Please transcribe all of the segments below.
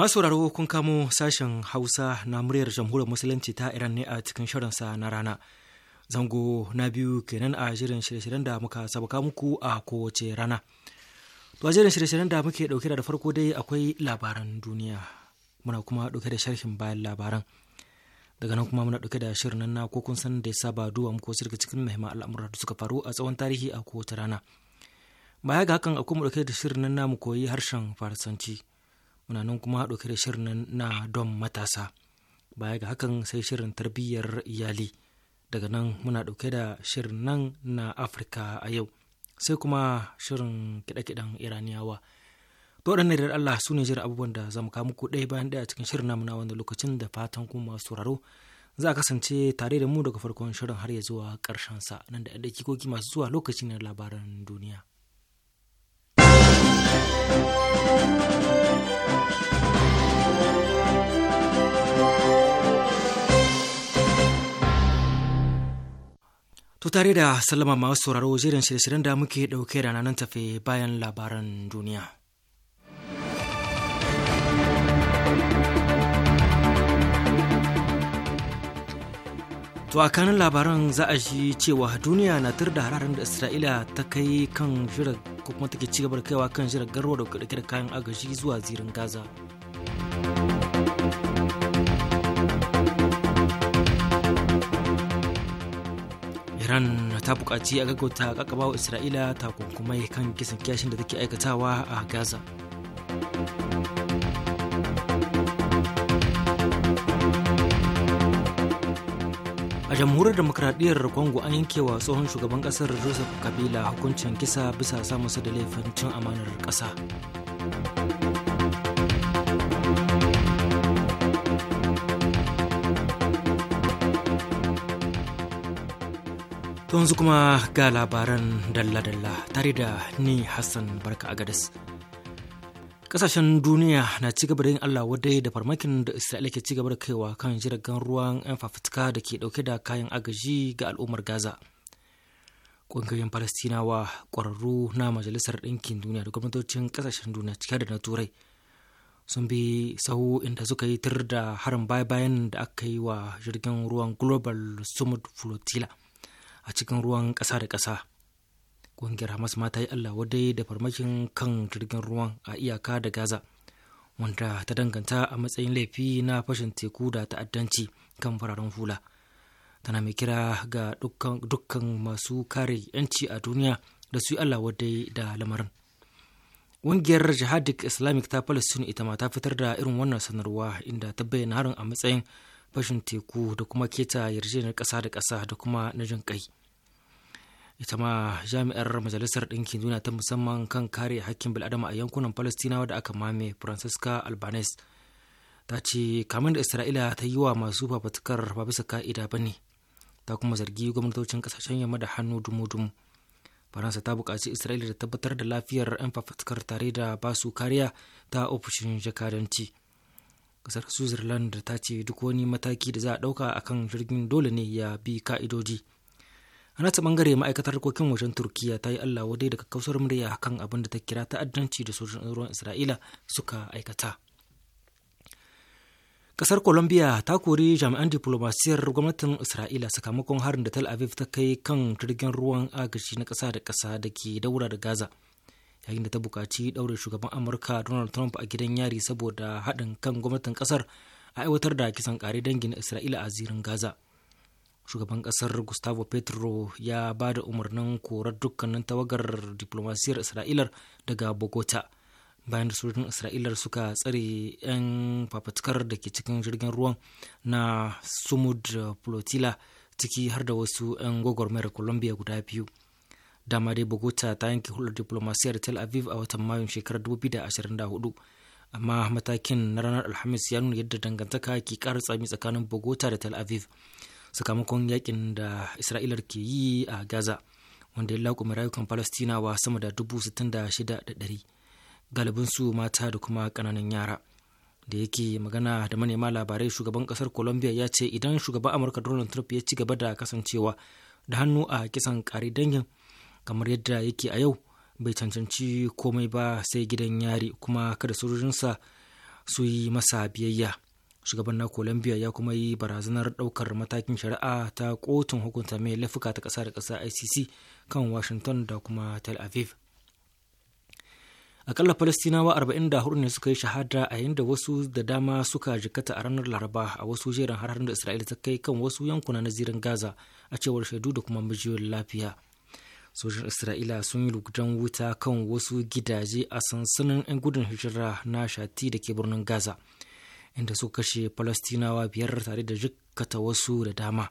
Masu sauraro kun kamo sashen Hausa na muryar jamhuriyar Musulunci ta Iran ne a cikin shirinsa na rana. Zango na biyu kenan a shirin shirye-shiryen da muka sabuka muku a kowace rana. To a shirin shirye-shiryen da muke dauke da farko dai akwai labaran duniya. Muna kuma dauke da sharhin bayan labaran. Daga nan kuma muna dauke da shirin nan na kun san da ya saba duwa muku wasu cikin muhimman al'amura da suka faru a tsawon tarihi a kowace rana. Baya ga hakan akwai mu dauke da shirin nan namu koyi harshen Faransanci. muna nan kuma ɗauke da shirin na don matasa baya ga hakan sai shirin tarbiyyar iyali daga nan muna ɗauke da shirin nan na afirka a yau sai kuma shirin kiɗe-kiɗen iraniyawa to ɗan da allah su ne jira abubuwan da zamu kama muku ɗaya bayan ɗaya a cikin shirin namu na wanda lokacin da fatan kuma masu sauraro za a kasance tare da mu daga farkon shirin har ya zuwa ƙarshen sa nan da dakikoki masu zuwa lokacin na labaran duniya To tare da salama masu sauraro jerin shirye-shiryen da muke ɗauke da nan tafe bayan labaran duniya. To a kanin labaran za a ji cewa duniya na tar da hararin da Isra'ila ta kai kan shirar ko kuma take ci gaba da kaiwa kan shirar garwa da kayan agaji zuwa zirin Gaza. Iran ta bukaci a gaggauta wa Isra'ila takunkumai kan kisan kyashin da take aikatawa a Gaza. A jamhuriyar demokradiyyar Congo an yanke wa tsohon shugaban kasar Joseph Kabila hukuncin kisa bisa sa da laifin cin amanar ƙasa. To yanzu kuma ga labaran dalla-dalla tare da ni Hassan Barka Agadis. Kasashen duniya na ci gaba da yin Allah wadai da farmakin da Isra'ila ke cigaba gaba da kaiwa kan jiragen ruwan 'yan fafutuka da ke dauke da kayan agaji ga al'ummar Gaza. Ƙungiyoyin Falastinawa ƙwararru na Majalisar Ɗinkin Duniya da gwamnatocin kasashen duniya cike da na Turai sun bi sahu inda suka yi tir da harin baya-bayan da aka yi wa jirgin ruwan global summit flotilla a cikin ruwan ƙasa da ƙasa ƙungiyar hamas ma ta yi allah wadai da farmakin kan jirgin ruwan a iyaka da gaza wanda ta danganta a matsayin laifi na fashin teku da ta'addanci kan fararen hula tana mai kira ga dukkan masu kare 'yanci a duniya da su yi allah wadai da lamarin ƙungiyar jihadik islamic ta palestine ita ma ta fitar da irin wannan sanarwa inda ta bayyana harin a matsayin fashin teku da kuma keta yarjejeniyar ƙasa da ƙasa da kuma na jin ƙai ita ma jami'ar majalisar ɗinkin duniya ta musamman kan kare hakkin bil'adama a yankunan palestinawa da aka mame francesca albanese ta ce kamin da isra'ila ta yi wa masu fafatukar ba bisa ka'ida ba ne ta kuma zargi gwamnatocin kasashen yamma da hannu dumu-dumu faransa ta buƙaci isra'ila da tabbatar da lafiyar 'yan fafatukar tare da basu kariya ta ofishin jakadanci ƙasar switzerland ta ce duk wani mataki da za a ɗauka akan jirgin dole ne ya bi ka'idoji a nata bangare ma'aikatar harkokin wajen turkiya ta yi allah wadai daga kausar murya kan abin da ta kira ta'addanci da sojojin ruwan isra'ila suka aikata kasar colombia ta kori jami'an diplomasiyar gwamnatin isra'ila sakamakon harin da tel aviv ta kai kan jirgin ruwan agaji na kasa da kasa da ke daura da gaza yayin da ta bukaci ɗaure shugaban amurka donald trump a gidan yari saboda haɗin kan gwamnatin kasar a aiwatar da kisan kare dangin isra'ila a zirin gaza shugaban kasar gustavo petro ya ba da umarnin korar dukkanin tawagar diplomasiyar isra'ilar daga bogota bayan da sojojin isra'ilar suka tsare 'yan fafatukar da ke cikin jirgin ruwan na sumud flotilla ciki har da wasu 'yan gwagwarmayar colombia guda biyu dama dai bogota ta yanke hulɗar diplomasiyar tel aviv a watan mayun shekarar 2024 amma matakin na ranar alhamis ya nuna yadda dangantaka ke ƙara tsami tsakanin bogota da tel aviv sakamakon yakin da isra'ila ke yi a gaza wanda ya laƙume rayukan falastinawa sama da dubu sittin da shida ɗari galibinsu mata da kuma ƙananan yara da yake magana da manema labarai shugaban ƙasar colombia ya ce idan shugaban amurka donald trump ya ci gaba da kasancewa da hannu a kisan ƙari dangin kamar yadda yake a yau bai cancanci komai ba sai gidan yari kuma kada sojojinsa su yi masa biyayya shugaban na colombia ya kuma yi barazanar daukar matakin shari'a ta kotun hukunta mai laifuka ta kasa da kasa icc kan washington da kuma tel aviv akalla falastinawa 44 ne suka yi shahada a yayin da wasu da dama suka jikata a ranar laraba a wasu jerin harharin da isra'ila ta kai kan wasu yankuna na zirin gaza a cewar shaidu da kuma mijiyoyin lafiya sojin isra'ila sun yi lugudan wuta kan wasu gidaje a sansanin 'yan gudun hijira na shati da ke birnin gaza inda suka kashe falastinawa biyar tare da jikkata wasu da dama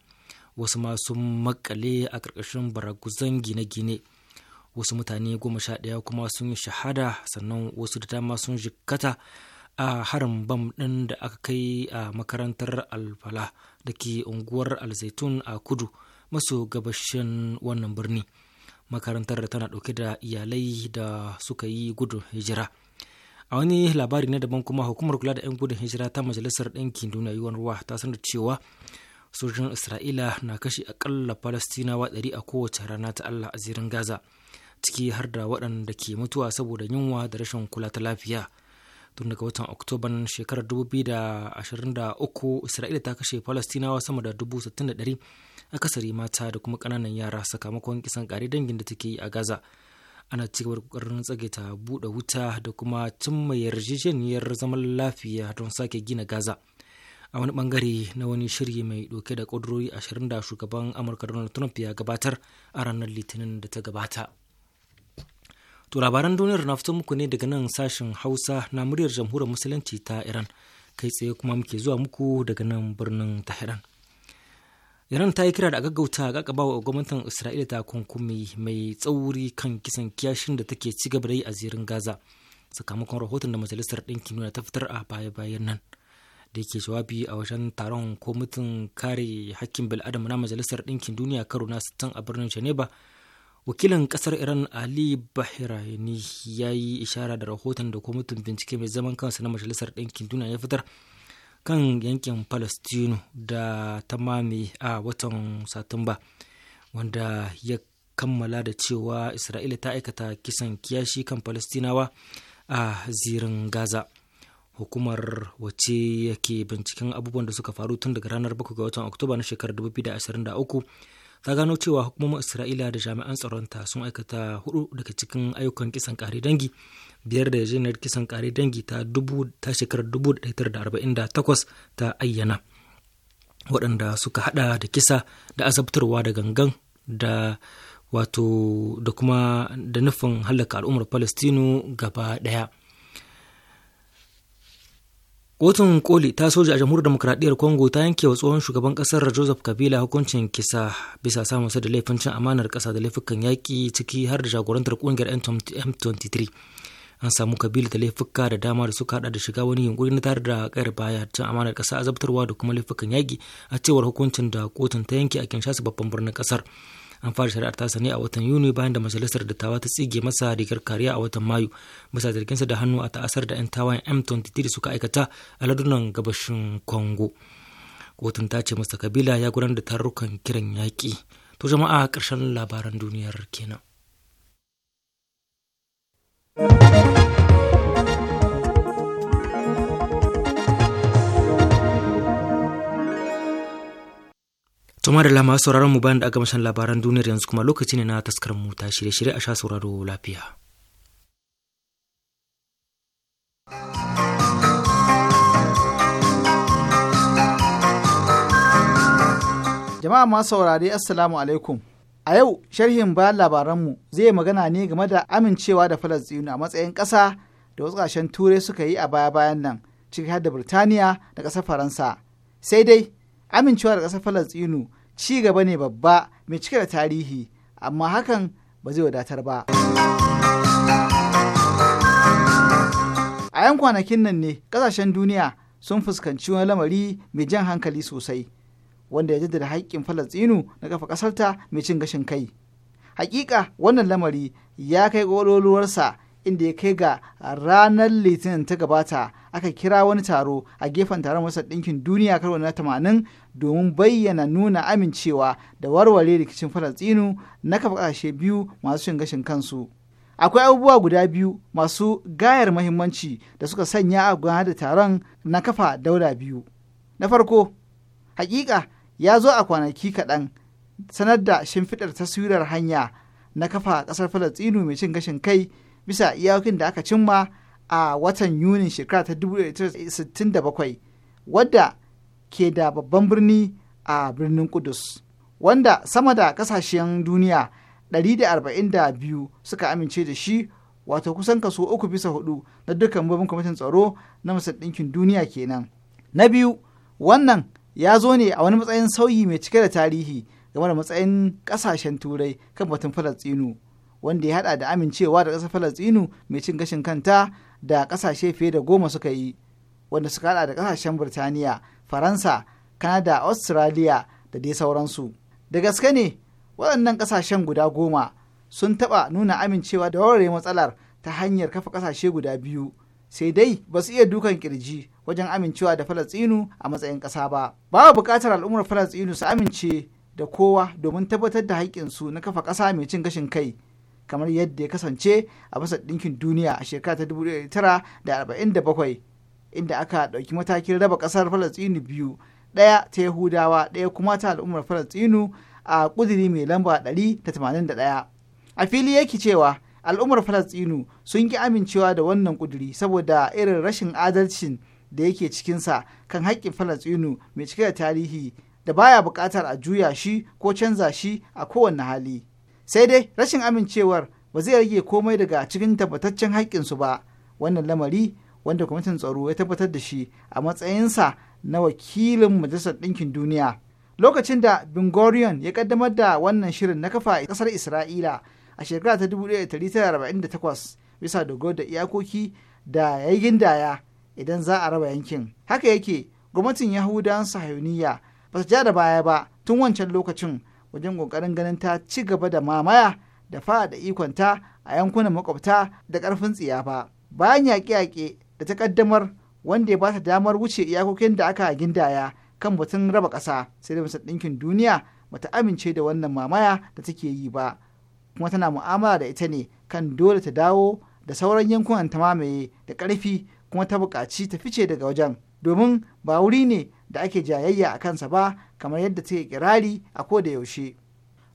wasu ma sun makale a ƙarƙashin baraguzan gine-gine wasu mutane goma sha ɗaya kuma sun yi shahada sannan wasu da dama sun jikkata a harin bam ɗin da aka kai a makarantar alfala da ke unguwar alzaitun a kudu maso gabashin wannan birni makarantar tana ɗauke da iyalai da suka yi gudun hijira a wani labari na daban kuma hukumar kula da 'yan gudun hijira ta majalisar ɗinkin duniya yiwuwar ruwa ta sanar cewa sojojin isra'ila na kashe akalla falastinawa ɗari a kowace rana ta allah a zirin gaza ciki har da waɗanda ke mutuwa saboda yunwa da rashin kula ta lafiya tun daga watan oktoban shekarar 2023 isra'ila ta kashe falastinawa sama da 60,000 akasari mata da kuma ƙananan yara sakamakon kisan kare dangin da take yi a gaza ana cigaba da kokarin tsage ta buɗe wuta da kuma cimma yarjejeniyar zaman lafiya don sake gina gaza a wani bangare na wani shiri mai ɗauke da ƙudurori ashirin da shugaban amurka donald trump ya gabatar a ranar litinin da ta gabata to labaran duniyar na fito muku ne daga nan sashen hausa na muryar jamhuriyar musulunci ta iran kai tsaye kuma muke zuwa muku daga nan birnin tahiran iran ta yi kira da gaggauta wa gwamnatin isra'ila ta kunkumi mai tsauri kan kisan kiyashin da take ci gaba da yi a zirin gaza sakamakon rahoton da majalisar ɗinkin duniya ta fitar a baya bayan nan da yake jawabi a wajen taron kwamitin kare hakkin bil'adama na majalisar ɗinkin duniya karo na sittin a birnin geneva wakilin kasar iran ali bahirani ya yi ishara da rahoton da kwamitin bincike mai zaman kansa na majalisar ɗinkin duniya ya fitar kan yankin palestino da ta mame a watan satumba wanda ya kammala da cewa isra'ila ta aikata kisan kiyashi kan palestinawa a zirin gaza hukumar wace yake binciken abubuwan da suka faru tun daga ranar 7 ga watan oktoba na shekarar 2023 ta gano cewa hukumomin isra'ila da jami'an tsaronta sun aikata hudu daga cikin ayyukan kisan kare dangi biyar da yajinar kisan kare dangi ta dubu ta shekarar 1948 ta ayyana waɗanda suka hada da kisa da azabtarwa da gangan da wato da kuma da nufin hallaka al'ummar palestino gaba ɗaya Kotun koli ta soja a jamhuriyar demokradiyyar Congo ta yanke wa tsohon shugaban kasar Joseph Kabila hukuncin kisa bisa samun sa da laifin cin amanar kasa da laifukan yaƙi ciki har da jagorantar kungiyar M23. An samu Kabila da laifuka da dama da suka hada da shiga wani yunkuri na tare da kayar baya cin amanar kasa azabtarwa da kuma laifukan yaƙi a cewar hukuncin da kotun ta yanke a Kinshasa babban birnin kasar. an fara shari'ar tasa ne a watan yuni bayan da majalisar dattawa ta tsige masa rigar kariya a watan mayu bisa zarginsa da hannu a ta'asar da 'yan tawayen m23 suka aikata a ladunan gabashin congo kotun ta ce masa kabila ya gudanar da tarurrukan kiran yaƙi to jama'a karshen labaran duniyar kenan. zama da lama sauraron mu bayan da aka mashan labaran duniyar yanzu kuma lokaci ne na taskar mu ta shirye-shirye a sha sauraro lafiya. Jama'a ma saurare Assalamu alaikum. A yau sharhin bayan labaranmu zai yi magana ne game da amincewa da Falasɗinu a matsayin ƙasa da wasu ƙasashen Turai suka yi a baya-bayan nan ciki har da Birtaniya da ƙasar Faransa. Sai dai amincewa da ƙasar Falasɗinu ci gaba ne babba mai cike da tarihi amma hakan ba zai wadatar ba. A 'yan kwanakin nan ne ƙasashen duniya sun fuskanci wani lamari mai jan hankali sosai wanda ya jaddada haƙƙin falastinu na kafa ƙasarta mai cin gashin kai. Hakika wannan lamari ya kai ƙololuwarsa inda ya kai ga ranar litinin ta gabata aka kira wani taro a gefen taron wasan ɗinkin duniya karo na tamanin domin bayyana nuna amincewa da warware rikicin falastinu na kafa biyu masu cin gashin kansu akwai abubuwa guda biyu masu gayar mahimmanci da suka sanya a gudanar da taron na kafa daura biyu na farko hakika ya zo a kwanaki kaɗan sanar da shimfiɗar taswirar hanya na kafa ƙasar falastinu mai cin gashin kai bisa iyakokin da aka cimma a watan yunin shekara ta 1967 wadda ke da babban birni a birnin Kudus, wanda sama da ƙasashen duniya 142 suka amince da shi wato kusan kaso uku bisa hudu na dukkan babban kwamitin tsaro na Masar Ɗinkin Duniya kenan. Na biyu, wannan ya zo ne a wani matsayin sauyi mai cike da tarihi game da matsayin kasashen Turai kan batun Falastinu, wanda ya haɗa da amincewa da ƙasar Falastinu mai cin gashin kanta da ƙasashe fiye da goma suka yi, wanda suka haɗa da ƙasashen Birtaniya faransa kanada australia da dai sauransu da gaske ne waɗannan ƙasashen guda goma sun taɓa nuna amincewa da warware matsalar ta hanyar kafa ƙasashe guda biyu sai dai ba su iya dukan kirji wajen amincewa da falasɗinu a matsayin ƙasa ba babu buƙatar al'ummar falastinu su amince da kowa domin tabbatar da haƙƙinsu na kafa ƙasa mai cin gashin kai kamar yadda ya kasance a basar ɗinkin duniya a shekara ta 1947 inda aka ɗauki matakin raba ƙasar falastinu biyu ɗaya ta yahudawa ɗaya kuma ta al'ummar falastinu a ƙudiri mai lamba ɗari ɗaya. a fili yake cewa al'ummar falastinu sun ki amincewa da wannan ƙudiri saboda irin rashin adalcin da yake cikinsa kan haƙƙin falastinu mai cike da tarihi da baya buƙatar a juya shi ko canza shi a kowane hali sai dai rashin amincewar ba zai rage komai daga cikin tabbataccen haƙƙinsu ba wannan lamari wanda kwamitin tsaro ya tabbatar da shi a matsayinsa na wakilin majalisar ɗinkin duniya lokacin da bingorion ya kaddamar da wannan shirin na kafa a ƙasar isra'ila a shekara ta 1948 bisa dogo da iyakoki da ya gindaya idan za a raba yankin haka yake gwamnatin yahudan sahiyoniya ba su ja da baya ba tun wancan lokacin wajen ƙoƙarin ganin ta ci gaba da mamaya da da ikonta a yankunan makwabta da ƙarfin tsiya ba bayan yaƙe-yaƙe da ta kaddamar wanda ya ba ta damar wuce iyakokin da aka gindaya kan batun raba ƙasa sai da masar ɗinkin duniya bata amince da wannan mamaya da take yi ba kuma tana mu'amala da ita ne kan dole ta dawo da sauran yankunan ta mamaye da ƙarfi kuma ta buƙaci ta fice daga wajen domin ba wuri ne da ake jayayya a kansa ba kamar yadda take kirari a ko da yaushe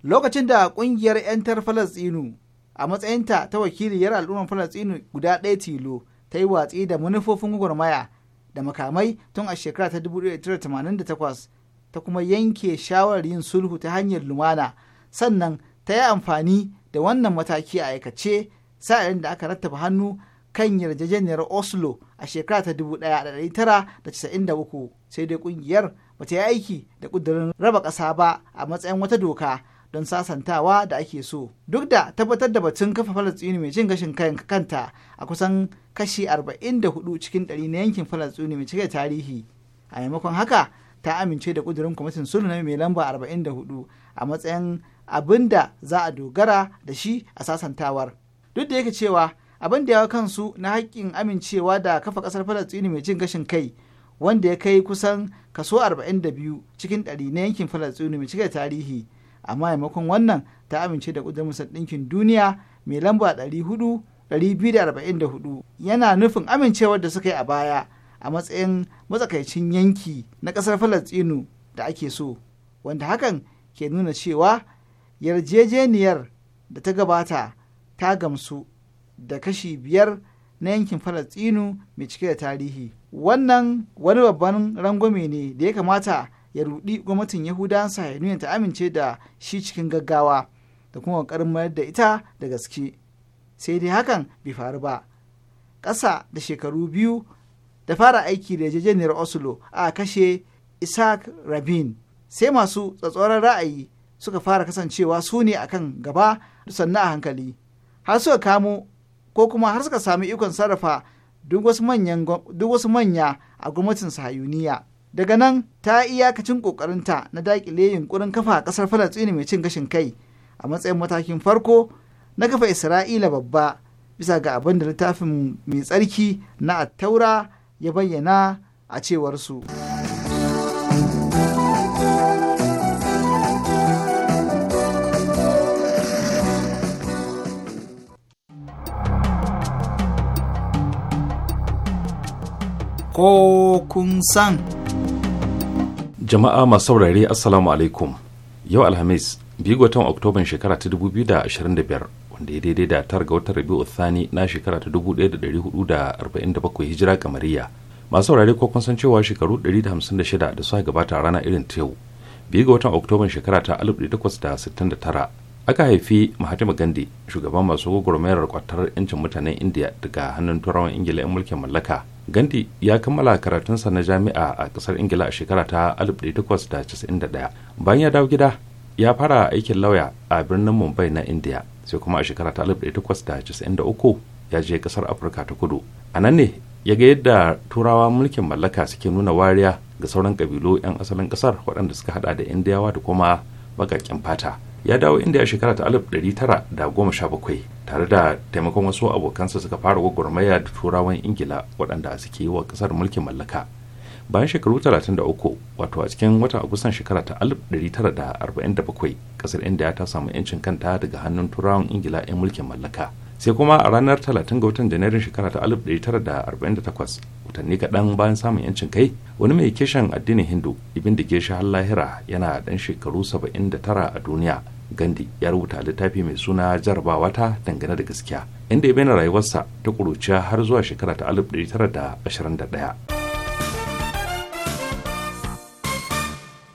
lokacin da ƙungiyar 'yantar falastinu a matsayinta ta Yar al'ummar falastinu guda ɗaya tilo ta yi watsi da manufofin gwagwarmaya da makamai tun a shekara ta 1988 ta kuma yanke shawarar yin sulhu ta hanyar lumana sannan ta yi amfani da wannan mataki a aikace sa'ilin da aka rattaba hannu kan yarjejeniyar oslo a shekara ta 1993 sai dai kungiyar ba ta yi aiki da ƙudurin raba ƙasa ba a matsayin wata doka don sasantawa da ake so duk da tabbatar da batun kafa falastini mai cin gashin kanta a kusan kashi 44 cikin 100 na yankin falastini mai cike tarihi a maimakon haka ta amince da kudurin kwamitin sulhu na mai lamba 44 a matsayin abin da za a dogara da shi a sasantawar duk da yake cewa abin da yawa kansu na haƙƙin amincewa da kafa ƙasar falastini mai cin gashin kai wanda ya kai kusan kaso 42 cikin 100 na yankin falastini mai cike tarihi A maimakon wannan ta amince da ƙudurin ɗinkin duniya mai lamba 444 yana nufin amincewar da suka yi a baya a matsayin matsakaicin yanki na ƙasar falastinu da ake so wanda hakan ke nuna cewa yarjejeniyar da ta gabata ta gamsu da kashi biyar na yankin falastinu mai cike da tarihi wannan wani babban rangwame ne da ya kamata ya rudi gwamnatin ya nuna ta amince da shi cikin gaggawa da kuma ƙoƙarin mayar da ita da gaske sai dai hakan bai faru ba ƙasa da shekaru biyu da fara aiki da yarjejeniyar oslo a kashe isaac rabin sai masu tsatsoron ra'ayi suka fara kasancewa su ne a kan gaba sannan a hankali har suka kamo ko kuma har suka sami ikon sarrafa duk wasu manya a gwamnatin sahayuniya daga nan ta iyakacin kokarinta na dakile yunkurin kafa kasar falastini mai cin gashin kai a matsayin matakin farko na kafa isra'ila babba bisa ga abin da littafin mai tsarki na attaura ya bayyana a cewarsu. su ko kun san. jama'a masu saurare assalamu alaikum yau alhamis biyu ga watan oktoban shekara ta 2025 wanda ya daidai da tar ga watan rabi'u thani na shekara ta 1447 hijira kamariya masu saurare ko cewa shekaru 156 da suka gabata rana irin ta yau biyu ga watan oktoban shekara ta 1869 aka haifi mahatma gandhi shugaban masu gwagwarmayar kwatar 'yancin mutanen india daga hannun turawan ingila 'yan mulkin mallaka gandhi ya kammala karatunsa na jami'a a kasar ingila a shekara ta 1891 bayan ya dawo gida ya fara aikin lauya a birnin mumbai na india sai kuma a shekara ta 1893 ya je kasar afirka ta kudu a nan ne ya ga yadda turawa mulkin mallaka suke nuna wariya ga sauran kabilu 'yan asalin kasar waɗanda suka hada da indiyawa da kuma baƙaƙen fata ya dawo inda ya shekara ta 1917 tare da taimakon wasu abokansa suka fara gwagwarmaya da turawan ingila waɗanda suke yi wa ƙasar mulkin mallaka bayan shekaru 33 wato a cikin watan agustan shekara ta 1947 ƙasar indiya ta samu 'yancin kanta daga hannun turawan ingila 'yan mulkin mallaka sai kuma a ranar 30 ga watan janairun shekara ta 1948 watanni kaɗan bayan samun yancin kai wani mai kishin addinin hindu ibin da ke har lahira yana ɗan shekaru 79 a duniya gandi ya rubuta littafi mai suna jarabawa ta dangane da gaskiya inda ya bayyana rayuwarsa ta ƙuruciya har zuwa shekara ta 1921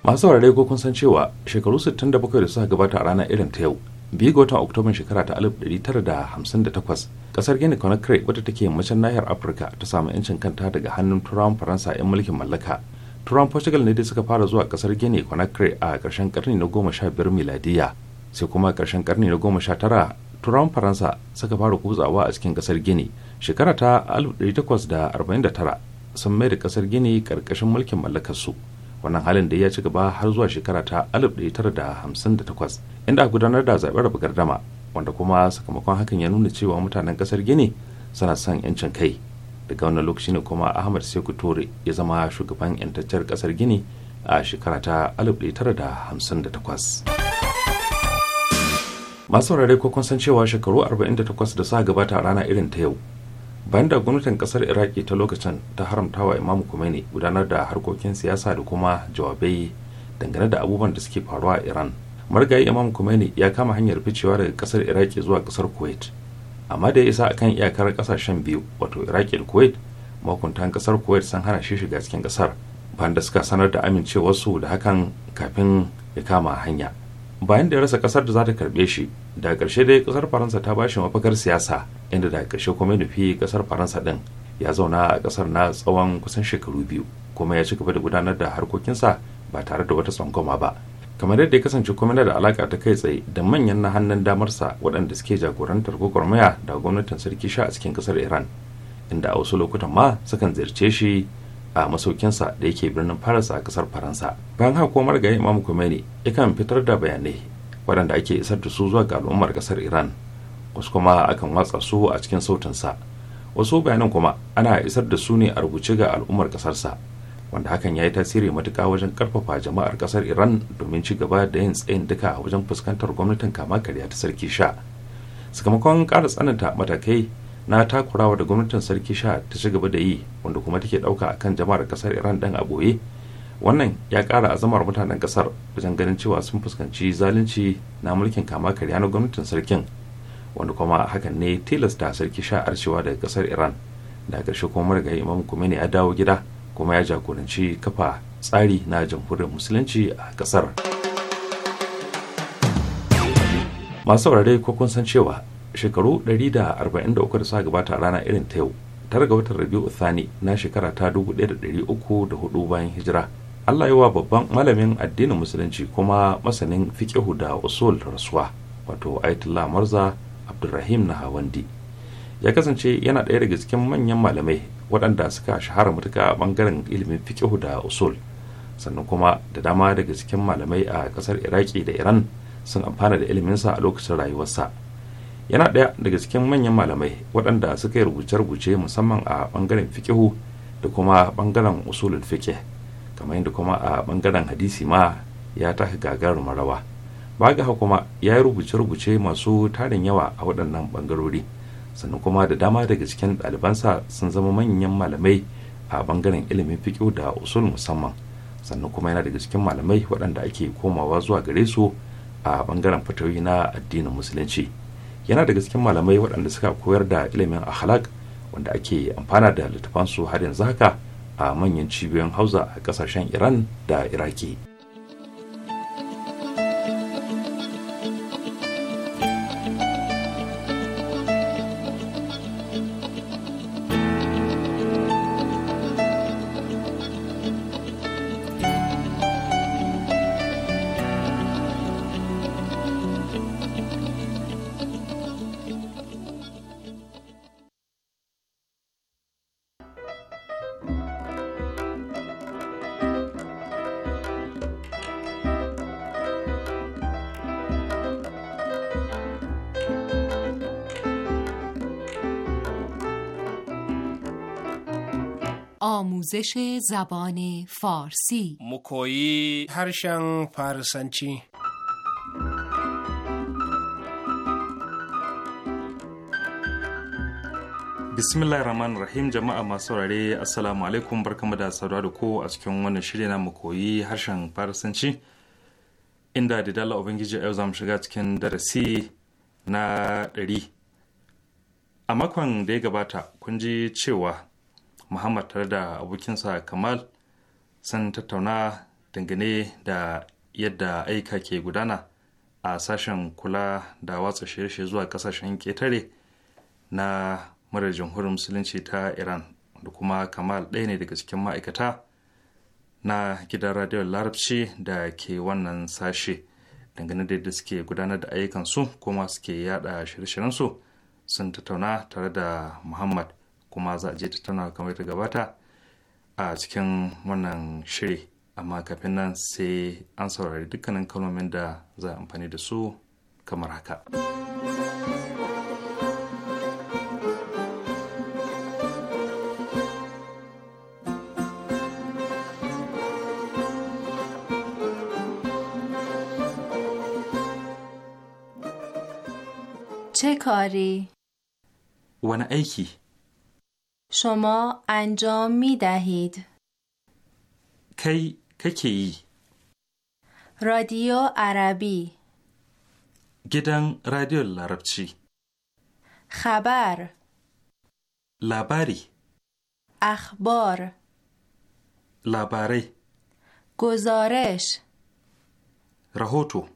masu saurare ko kun san cewa shekaru 67 da suka gabata a ranar irin ta yau biyu ga watan oktoban shekara ta 1958 kasar gini conakry wadda take yammacin nahiyar afirka ta samu 'yancin kanta daga hannun turawan faransa 'yan mulkin mallaka turan portugal ne dai suka fara zuwa kasar guinea conakry a ƙarshen karni na goma sha biyar miladiya sai kuma ƙarshen karni na goma sha tara turan faransa suka fara kutsawa a cikin kasar guinea shekara ta 1849 sun mai da kasar gini karkashin mulkin mallakarsu wannan halin da ya ci gaba har zuwa shekara ta 1958 inda a gudanar da zaɓen raba gardama wanda kuma sakamakon hakan ya nuna cewa mutanen kasar gini suna son 'yancin kai da wannan lokaci ne kuma ahmad seku ture ya zama shugaban yantacciyar kasar gini a shekara ta 1958 masu wurare ko kun san cewa shekaru 48 da sa gabata a rana irin ta yau bayan da gwamnatin kasar iraki ta lokacin ta haramta wa imam kumeni gudanar da harkokin siyasa da kuma jawabai dangane da abubuwan da suke faruwa a iran marigayi imam kumeni ya kama hanyar ficewa daga kasar iraki zuwa kasar kuwait amma da ya isa kan iyakar kasashen biyu wato iraki da kuwait makuntan kasar kuwait sun hana shi shiga cikin kasar bayan da suka sanar da amincewarsu da hakan kafin ya kama hanya bayan da ya rasa kasar da za ta karbe shi daga karshe dai kasar faransa ta bashi mafakar siyasa inda daga karshe kuma nufi kasar faransa din ya zauna a kasar na tsawon kusan shekaru biyu kuma ya ci gaba da gudanar da harkokinsa ba tare da wata tsangwama ba kamar yadda ya kasance kuma da alaka ta kai tsaye da manyan na hannun damarsa waɗanda suke jagorantar gwagwarmaya da gwamnatin sarki sha a cikin ƙasar iran inda a wasu lokutan ma sukan ziyarce shi a masaukinsa da yake birnin faras a ƙasar faransa bayan haka kuma marigayi imam kumeni yakan fitar da bayanai waɗanda ake isar da su zuwa ga al'ummar kasar iran wasu kuma akan watsa su a cikin sautinsa wasu bayanan kuma ana isar da su ne a rubuce ga al'ummar ƙasarsa wanda hakan ya yi tasiri matuka wajen karfafa jama'ar kasar iran domin ci gaba da yin tsayin duka wajen fuskantar gwamnatin kama karya ta sarki sha sakamakon ƙara tsananta matakai na takurawa da gwamnatin sarki sha ta ci gaba da yi wanda kuma take ɗauka a kan jama'ar kasar iran ɗan a ɓoye wannan ya ƙara azamar mutanen kasar wajen ganin cewa sun fuskanci zalunci na mulkin kama karya na gwamnatin sarkin wanda kuma hakan ne tilasta sarki sha arcewa daga kasar iran da ƙarshe kuma marigayi imam kumeni ya dawo gida kuma ya jagoranci kafa tsari na jamhuriyar musulunci a kasar masu saurare ko kun san cewa shekaru 143 da suka gabata rana irin ta yau tare ga watan rabiu thani na shekara ta 1304 bayan hijira allah yi wa babban malamin addinin musulunci kuma masanin fiƙihu da usul rasuwa wato ayatollah marza abdulrahim nahawandi ya kasance yana ɗaya daga cikin manyan malamai waɗanda suka shahara matuka a ɓangaren ilimin fikihu da usul sannan kuma da dama daga cikin malamai a ƙasar iraki da iran sun amfana da iliminsa a lokacin rayuwarsa yana ɗaya daga cikin manyan malamai waɗanda suka yi rubuce-rubuce musamman a ɓangaren fikihu da kuma ɓangaren usulul fikih kamar yadda kuma a ɓangaren hadisi ma ya taka gagarumin marawa baga kuma ya yi rubuce-rubuce masu tarin yawa a waɗannan ɓangarori. sannan kuma da dama daga cikin ɗalibansa sun zama manyan malamai a bangaren ilimin fiƙo da usul musamman sannan kuma yana daga cikin malamai waɗanda ake komawa zuwa gare su a bangaren fatawi na addinin musulunci yana daga cikin malamai waɗanda suka koyar da ilimin ahlak wanda ake amfana da littafansu har yanzu haka a manyan cibiyoyin hausa a ƙasashen iran da iraki آموزش زبان فارسی مکویی هرشن فارسنچی bismillah rahman rahim jama'a masu saurare assalamu alaikum barkamu da saduwa da ko a cikin wannan shirya na mu koyi harshen farisanci inda da dala ubangiji yau za mu shiga cikin darasi na ɗari a makon da ya gabata kun ji cewa muhammad tare da abokinsa kamal sun tattauna dangane da yadda aika ke gudana a sashen kula da watsa shirye-shirye zuwa kasashen ƙetare na marar jamhuriyar musulunci ta iran da kuma kamal ɗaya ne daga cikin ma'aikata na gidan radiyon larabci da ke wannan sashe dangane da yadda suke gudanar da ayyukansu kuma suke yada shirye-shiryensu sun tattauna tare da muhammad kuma za a je tana kamar ta gabata a cikin wannan shiri amma kafin nan sai an saurari dukkanin kalmomin da za a amfani da su kamar haka. چه کاری؟ ایکی شما انجام می دهید کی کی رادیو عربی گدن رادیو لربچی خبر لبری اخبار لبری گزارش رهوتو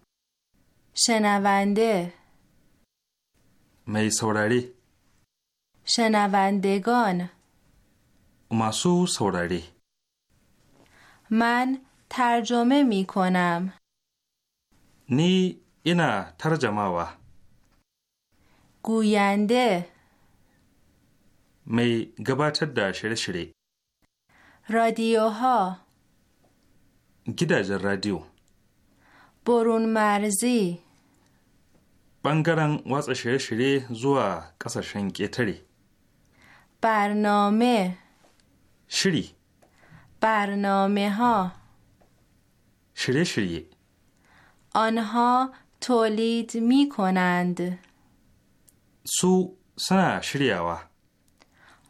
شنونده می سوراری شنوندگان ماسو سوراری من ترجمه می کنم نی اینا ترجمه و گوینده می گباتر دا شده شده رادیوها گیداج رادیو برون مرزی بنگرن واسه شده شده زوا کسا شنگه برنامه شری برنامه ها شری شری آنها تولید می کنند سو سنا شری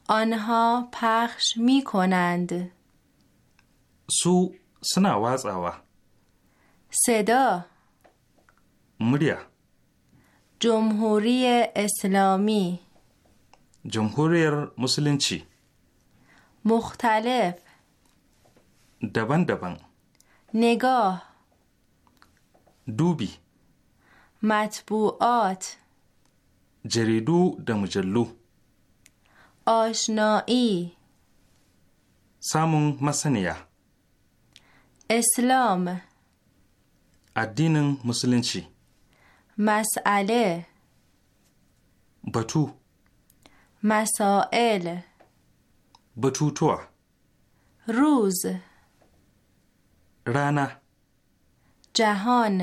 آنها پخش می کنند سو سنا واز صدا مریا جمهوری اسلامی جمهوری مسلمچی مختلف دبن دبن نگاه دوبی مطبوعات جریدو د مجلو آشنایی سامون مسنیا اسلام addinin musulunci mas'ale batu مسائل بچوتوا روز رانا جهان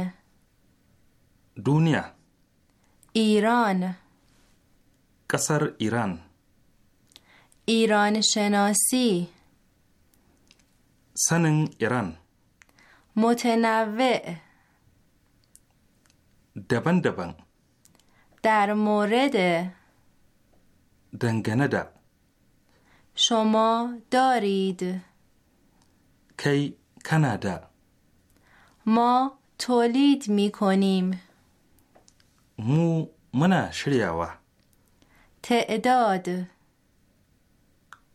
دنیا ایران قصر ایران ایران شناسی سنن ایران متنوع دبن دبن در مورد دنگنه کانادا شما دارید کی کانادا ما تولید می کنیم مو منا شریاوا تعداد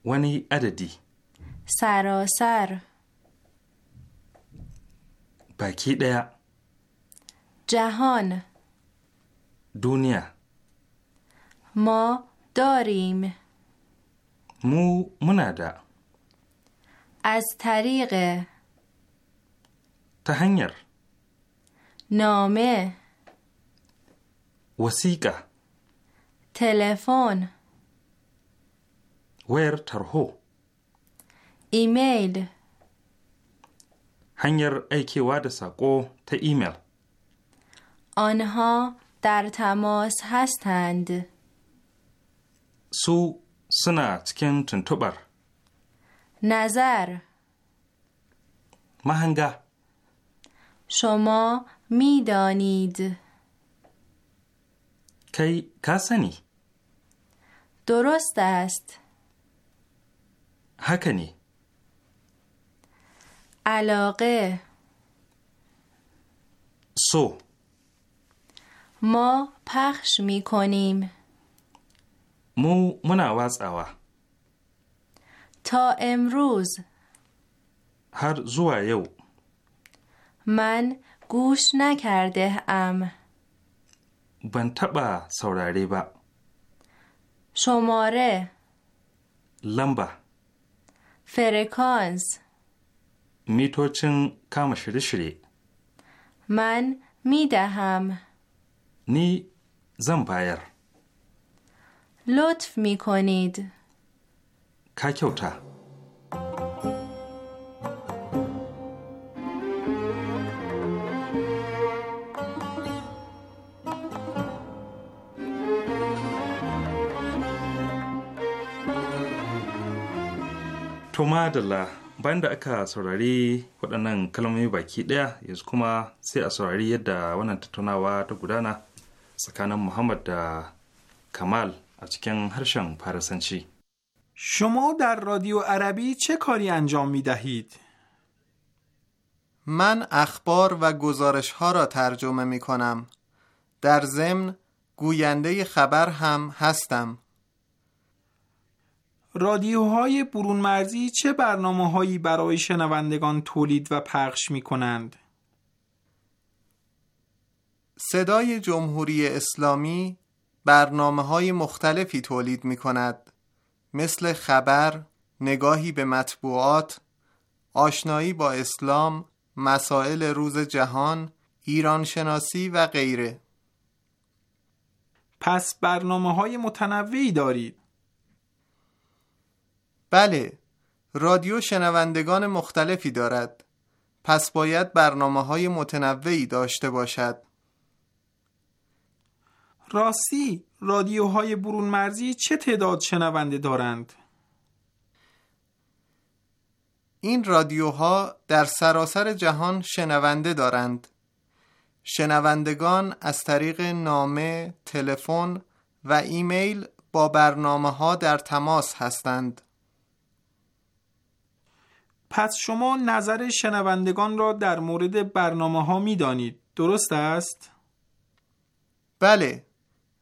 ونی عددی سراسر باکی دیا جهان دنیا ما داریم مو منادا از طریق تهنگر نامه وسیقه تلفن ویر ترهو ایمیل هنگر ایکی واد ساقو تا ایمیل آنها در تماس هستند سو سنا چکن توبر نظر مهنگه شما میدانید کی کسنی درست است هکنی علاقه سو ما پخش می کنیم مو منعوز اوه تا امروز هر زوا یو من گوش نکرده ام بن تبا سوراری با شماره لمبه فرکانس میتوچن کام شده شری؟ من میدهم نی زم لطف می کنید ککوتا To bayan da aka saurari waɗannan kalmomi baki ɗaya yanzu kuma sai a saurari yadda wannan tattaunawa ta gudana tsakanin Muhammad da Kamal شما در رادیو عربی چه کاری انجام می دهید؟ من اخبار و گزارش ها را ترجمه می کنم. در ضمن گوینده خبر هم هستم. رادیوهای برون مرزی چه برنامه هایی برای شنوندگان تولید و پخش می کنند؟ صدای جمهوری اسلامی برنامه های مختلفی تولید می کند مثل خبر، نگاهی به مطبوعات، آشنایی با اسلام، مسائل روز جهان، ایران شناسی و غیره پس برنامه های متنوعی دارید بله رادیو شنوندگان مختلفی دارد پس باید برنامه های متنوعی داشته باشد راستی رادیوهای برون مرزی چه تعداد شنونده دارند؟ این رادیوها در سراسر جهان شنونده دارند. شنوندگان از طریق نامه، تلفن و ایمیل با برنامه ها در تماس هستند. پس شما نظر شنوندگان را در مورد برنامه ها می دانید. درست است؟ بله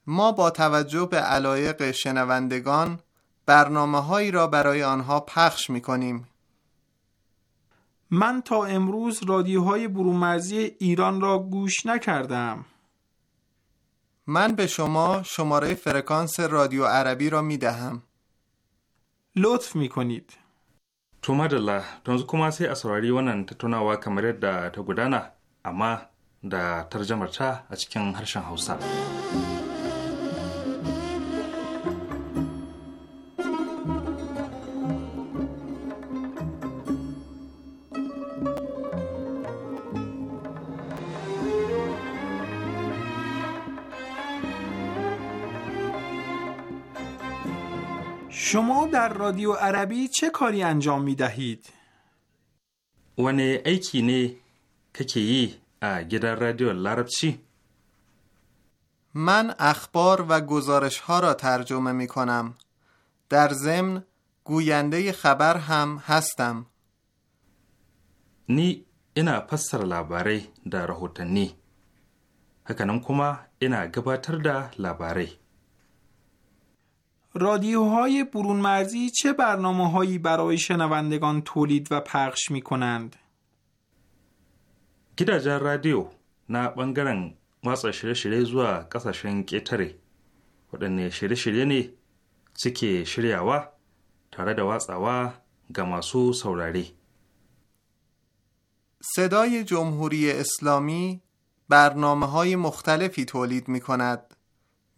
ما با توجه به علایق شنوندگان برنامه هایی را برای آنها پخش می کنیم. من تا امروز رادیوهای برومرزی ایران را گوش نکردم. من به شما شماره فرکانس رادیو عربی را می دهم. لطف می کنید. تو مدلا تونزو کماسی سی اسراری ونن و کمر دا تا اما دا ترجمه چه اچکن هرشن حوصا. شما در رادیو عربی چه کاری انجام می دهید؟ ونه ایکی نه ککی رادیو لرب چی؟ من اخبار و گزارش ها را ترجمه می کنم. در ضمن گوینده خبر هم هستم. نی اینا پسر لباره در نی. هکنم کما اینا گباتر در لباره. رادیوهای برون مرزی چه برنامه هایی برای شنوندگان تولید و پخش می کنند؟ کی رادیو نه بانگران واسه شری شری زوا شن کتری و دن شری نی سیک شری آوا تردد واس آوا گماسو سولاری صدای جمهوری اسلامی برنامه های مختلفی تولید می کند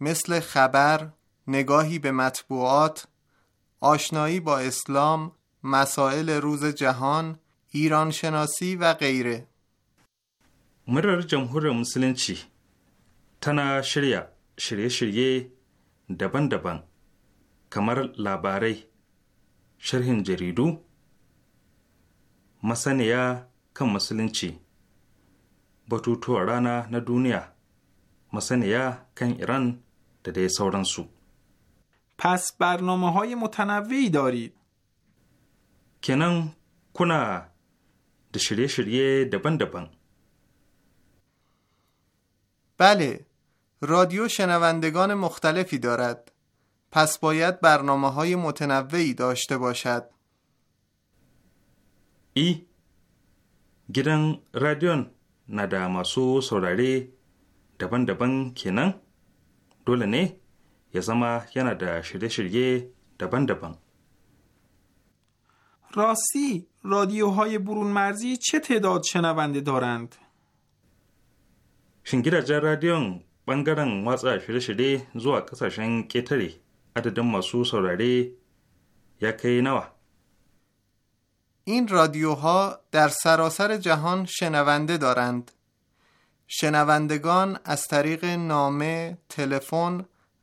مثل خبر، نگاهی به مطبوعات، آشنایی با اسلام، مسائل روز جهان، ایران شناسی و غیره. مرر جمهور چی؟ تنا شریع شریع شریع دبن دبن کمر لاباری شرح جریدو مسانیا کم مسلم چی بطوتو na ندونیا مسانیا کن ایران da dai sauransu. پس برنامه های متنوعی دارید کنن کنا ده شریه دبن دبن بله رادیو شنوندگان مختلفی دارد پس باید برنامه های متنوعی داشته باشد ای گیرن رادیون ندا ماسو سوراری دبن دبن کنن دولنه ya zama yana da shirye-shirye daban-daban. راستی رادیوهای برون مرزی چه تعداد شنونده دارند؟ shin gidajen radiyon bangaren watsa shirye-shirye zuwa kasashen ketare adadin masu saurare ya kai nawa این رادیوها در سراسر جهان شنونده دارند شنوندگان از طریق نامه تلفن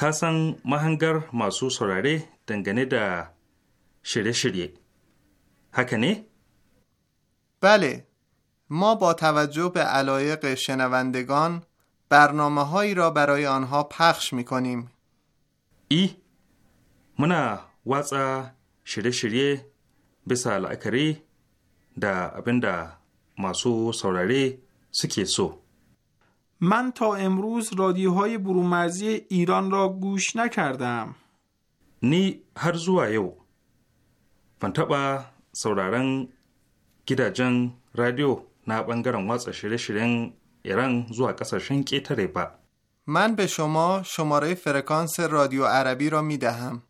ka مهنگر ماسو masu دنگنه dangane da shirye-shirye بله ما با توجه به علایق شنوندگان برنامه هایی را برای آنها پخش می کنیم. ای منا واتسا شریه شریه به لعکری دا ابن دا ماسو سوراری سکی سو من تا امروز رادیوهای برومرزی ایران را گوش نکردم نی هر زوا یو ban سوراران sauraron رادیو نه بنگارن واتس shirye شیرن ایران زوا که ƙetare با من به شما شماره فرکانس رادیو عربی را می دهم.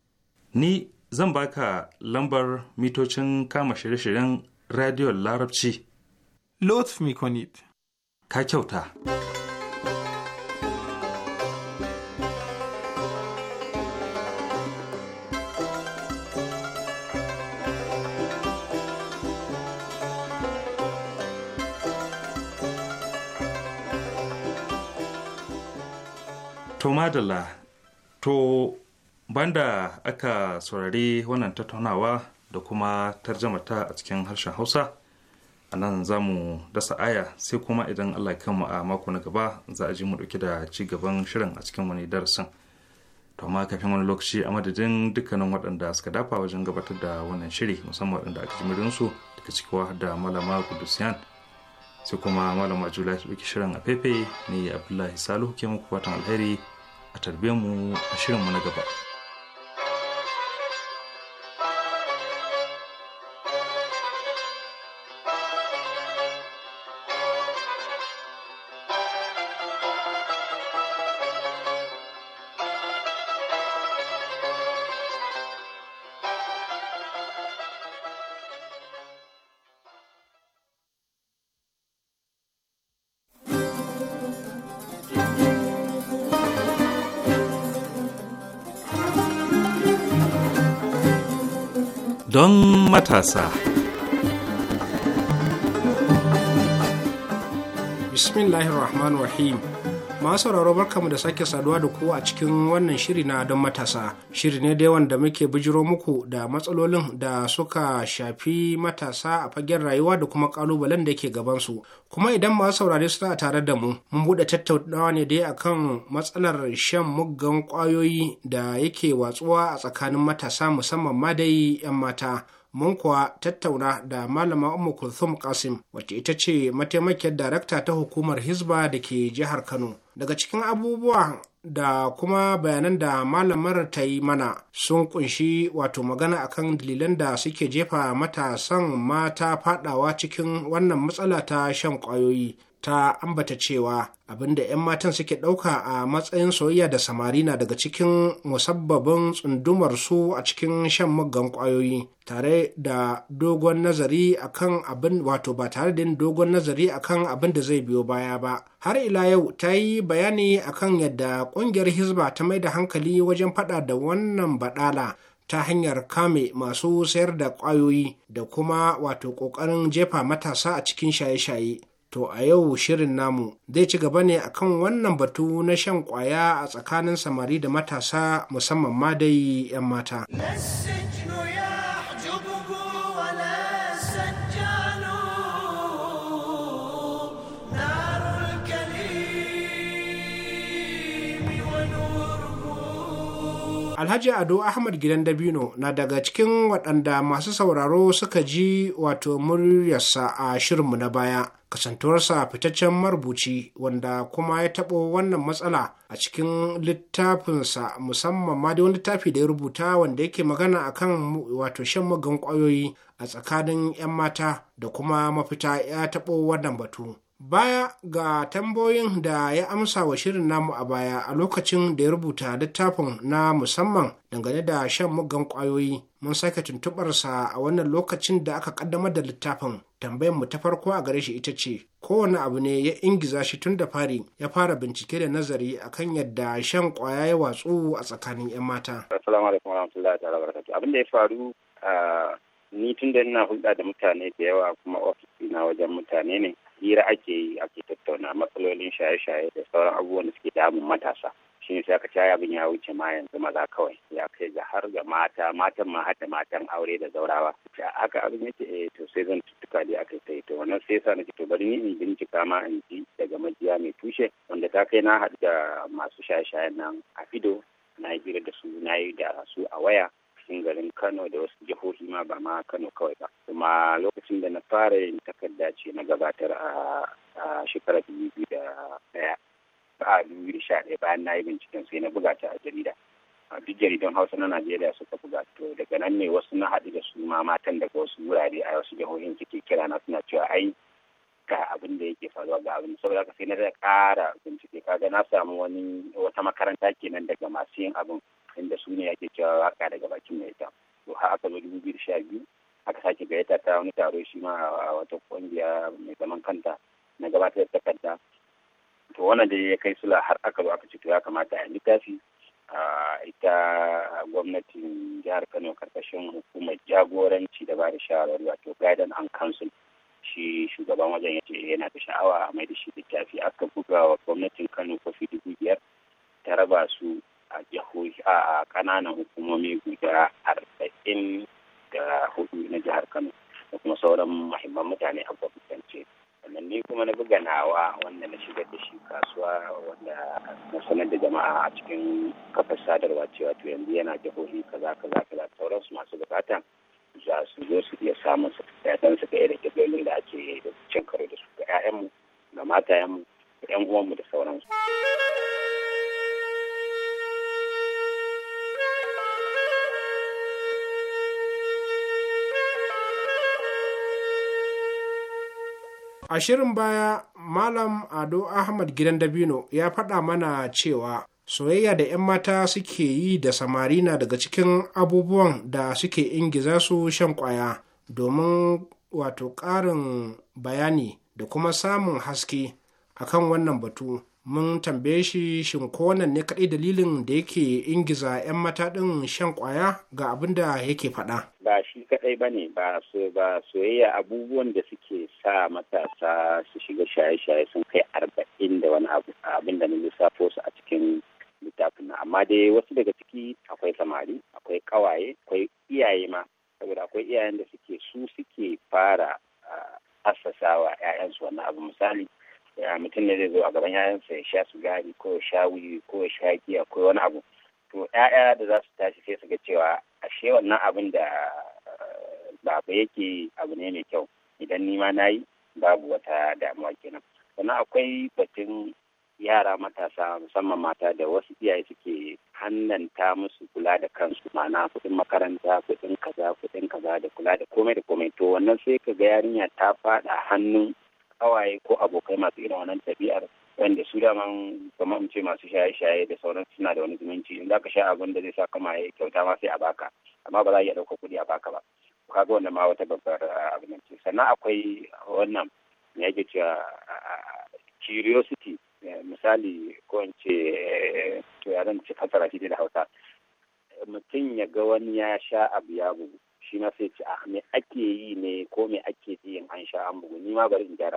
نی زن باکا لمبر میتوچن کام شیره رادیو چی؟ لطف می کنید. که madala to banda aka saurari wannan tattaunawa da kuma tarjamata a cikin harshen hausa a nan za mu dasa aya sai kuma idan allah kanmu a mako na gaba za a ji mu dauki da ci gaban shirin a cikin wani darasin to amma kafin wani lokaci a madadin dukkanin waɗanda suka dafa wajen gabatar da wannan shiri musamman waɗanda aka ji su daga cikowa da malama gudusiyan sai kuma malama jula ta shirin a faifai ne abdullahi salihu ke muku fatan alheri a tarbe mu a shirinmu na gaba. matasa. Bismillahir Rahim. Masu sauraro barkamu da sake saduwa da kowa a cikin wannan shiri na don matasa. Shiri ne da yawan da muke bijiro muku da matsalolin da suka shafi matasa a fagen rayuwa da kuma kalubalen da ke gabansu. Kuma idan ma saurare suna a tare da mu, mun buɗe tattaunawa ne dai akan matsalar shan muggan ƙwayoyi da yake watsuwa a tsakanin matasa musamman ma dai 'yan mata. mun kuwa tattauna da malama Ummu Kulthum kasim wacce ita ce mataimakiyar darakta ta hukumar Hisba da ke jihar Kano. Daga cikin abubuwa da kuma bayanan da malamar ta yi mana sun kunshi wato magana akan dalilan da suke jefa matasan mata fadawa cikin wannan matsala ta shan kwayoyi. ta ambata cewa abin da 'yan matan suke ɗauka a matsayin soyayya da samari na daga cikin musabbabin tsundumar su a cikin shan muggan kwayoyi, tare da dogon nazari akan abin wato ba tare da dogon nazari akan abin da zai biyo baya ba har ila yau ta yi bayani akan yadda ƙungiyar hizba ta mai da hankali wajen faɗa da wannan baɗala ta hanyar kame masu sayar da ƙwayoyi da kuma wato ƙoƙarin jefa matasa a cikin shaye-shaye To a yau shirin namu zai ci gaba ne akan wannan batu na shan kwaya a tsakanin samari da matasa musamman ma dai 'yan mata. Alhaji Ado Ahmad Gidan Dabino na daga cikin waɗanda masu sauraro suka ji wato muryarsa a shirinmu na baya. kasantuwarsa fitaccen marubuci wanda kuma ya taɓo wannan matsala a cikin littafinsa musamman ma da wani littafi da ya rubuta wanda yake magana akan wato shan magan ƙwayoyi a tsakanin 'yan mata da kuma mafita ya taɓo wannan batu baya ga tambayoyin da ya amsa wa shirin namu a baya a lokacin da ya rubuta littafin na musamman dangane da shan muggan kwayoyi mun sake tuntubarsa a wannan lokacin da aka kaddamar da littafin tambayan mu ta farko a gare shi ita ce kowane abu ne ya ingiza shi tun da fari ya fara bincike da nazari a kan yadda shan kwaya ya watsu a tsakanin yan mata assalamu alaikum warahmatullahi ta'ala barakatuh abin da ya faru ni tun da ina hulɗa da mutane da yawa kuma ofis na wajen mutane ne hira ake yi ake tattauna matsalolin shaye-shaye da sauran abubuwan da suke damun matasa shi sai aka ce abin ya wuce ma yanzu maza kawai ya kai ga har ga mata matan ma hada matan aure da zaurawa haka abin yake eh to sai zan tuttuka dai aka sai to wannan sai sa nake to bari ni in bincika ma in ji daga majiya mai tushe wanda ta kai na haɗu da masu shaye-shayen nan a fido na hira da su na yi da su a waya cikin garin Kano da wasu jihohi ma ba ma Kano kawai ba. Kuma lokacin da na fara yin takarda ce na gabatar a shekarar biyu da ɗaya. a dubi da sha bayan na yi binciken sai na buga ta a jarida a duk jaridan hausa na najeriya suka buga to daga nan ne wasu na haɗu da su ma matan daga wasu wurare a wasu jihohin cike kira na suna cewa ai ga abin da yake faruwa ga abin saboda haka sai na da ƙara bincike kaga na samu wani wata makaranta kenan daga masu yin abin inda su ne yake cewa waka daga bakin mai ita to har aka zo dubu biyu da sha biyu aka sake gayyata ta wani taro shi ma a wata ƙungiya mai zaman kanta na gabatar da takarda to wannan da ya kai sula har aka zo aka ce to ya kamata a littafi ita gwamnatin jihar kano karkashin hukumar jagoranci da ba da shawarwari wato guidance and council shi shugaban wajen ya ce yana da sha'awa a mai da shi littafi aka buga wa gwamnatin kano kofi dubu biyar ta raba su a jihohi a kananan hukumomi guda arba'in da hudu na jihar kano da kuma sauran mahimman mutane a gwamnatance sannan ni kuma na buga nawa wanda na shigar da shi kasuwa wanda na sanar da jama'a a cikin kafar sadarwa cewa to yanzu yana jihohi kaza kaza kaza sauransu masu bukata za su zo su iya samun su dan su ɗaya da da ake cin karo da su ga 'ya'yanmu ga matayenmu ga 'yan uwanmu da sauransu. A shirin baya, Malam Ado Ahmad Gidan Dabino ya faɗa mana cewa soyayya da 'yan mata suke yi da samari na daga cikin abubuwan da suke ingiza su shan ƙwaya domin wato ƙarin bayani da kuma samun haske akan wannan batu. mun tambaye shi shin ko wannan ne kaɗai dalilin da yake ingiza 'yan mata ɗin shan ƙwaya ga abin da yake faɗa. Ba shi kaɗai ba ne ba soyayya abubuwan da suke sa matasa su shiga shaye-shaye sun kai arba'in da wani abu abin da na lissafo su a cikin littafin amma dai wasu daga ciki akwai samari akwai ƙawaye akwai iyaye ma saboda akwai iyayen da suke su suke fara asasawa ah, 'ya'yansu wannan abu misali ya eh, mutum ne zai zo a gaban yayansa ya sha sigari ko ya sha wuyi ko ya sha giya ko wani abu to ‘ya'ya da za su tashi sai su ga cewa ashe wannan abin da eh, baba yake abu ne mai kyau idan nima na yi babu wata damuwa kenan sannan akwai batun yara matasa musamman mata da wasu iyaye suke hannanta musu kula da kansu mana kuɗin makaranta kuɗin kaza kuɗin kaza da kula da komai da komai to wannan sai ka ga yarinya ta faɗa hannun kawaye ko abokai masu irin wannan tabi'ar wanda su daman kamar mu ce masu shaye-shaye da sauran suna da wani zumunci in zaka sha abun da zai sa kama ya kyauta ma sai a baka amma ba za a iya ɗaukar kuɗi a baka ba kaga wannan ma wata babbar ah, abin ce sannan akwai wannan me yake cewa ah, curiosity eh, misali ko in ce eh, to zan ce fasara shi da Hausa mutum ya ga wani ya sha abu ya bugu shi ma sai ce ah me ake yi ne ko me ake ji in an sha an bugu ni ma bari in ba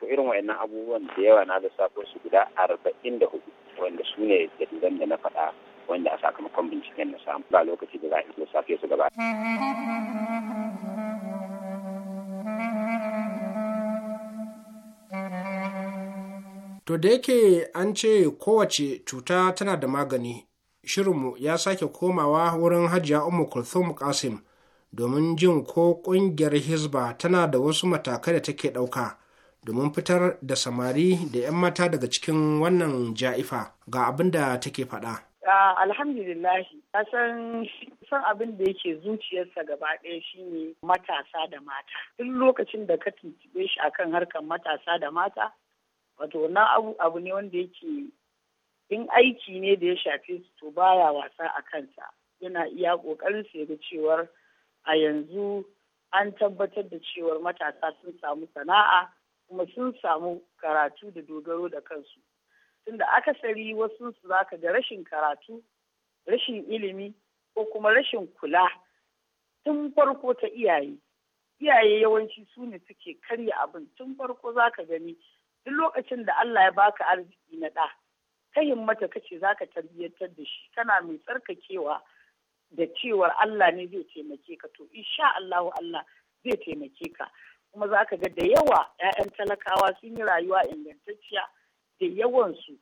to irin wayannan abubuwan da yawa na lissafo su guda arba'in da hudu wanda su ne dalilan da na faɗa wanda a sakamakon binciken na samu ba lokaci da za a lissafe su gaba. To da yake an ce kowace cuta tana da magani, shirinmu ya sake komawa wurin hajiya Umar Kulthum Kasim domin jin ko ƙungiyar Hizba tana da wasu matakai da take ɗauka domin fitar da samari da 'yan mata daga cikin wannan ja'ifa ga abin da take faɗa. alhamdulillahi ta san abin da yake zuciyarsa gaba ɗaya shine matasa da mata duk lokacin da ka tuntube shi akan harkar matasa da mata wato na abu ne wanda yake in aiki ne da ya shafe su to baya wasa a kansa yana iya ƙoƙarin su ga cewar a yanzu an tabbatar da cewar matasa sun samu sana'a kuma sun samu karatu da dogaro da kansu tunda akasari wasu su za ka ga rashin karatu rashin ilimi ko kuma rashin kula tun farko ta iyaye iyaye yawanci su ne suke karya abin tun farko za ka gani duk lokacin da Allah ya baka arziki na ɗa ka himmata kace ka tarbiyyantar da shi kana mai tsarkakewa da cewar Allah ne zai taimake ka to insha Allahu Allah zai taimake ka kuma za ka ga da yawa 'ya'yan talakawa sun yi rayuwa ingantacciya da yawansu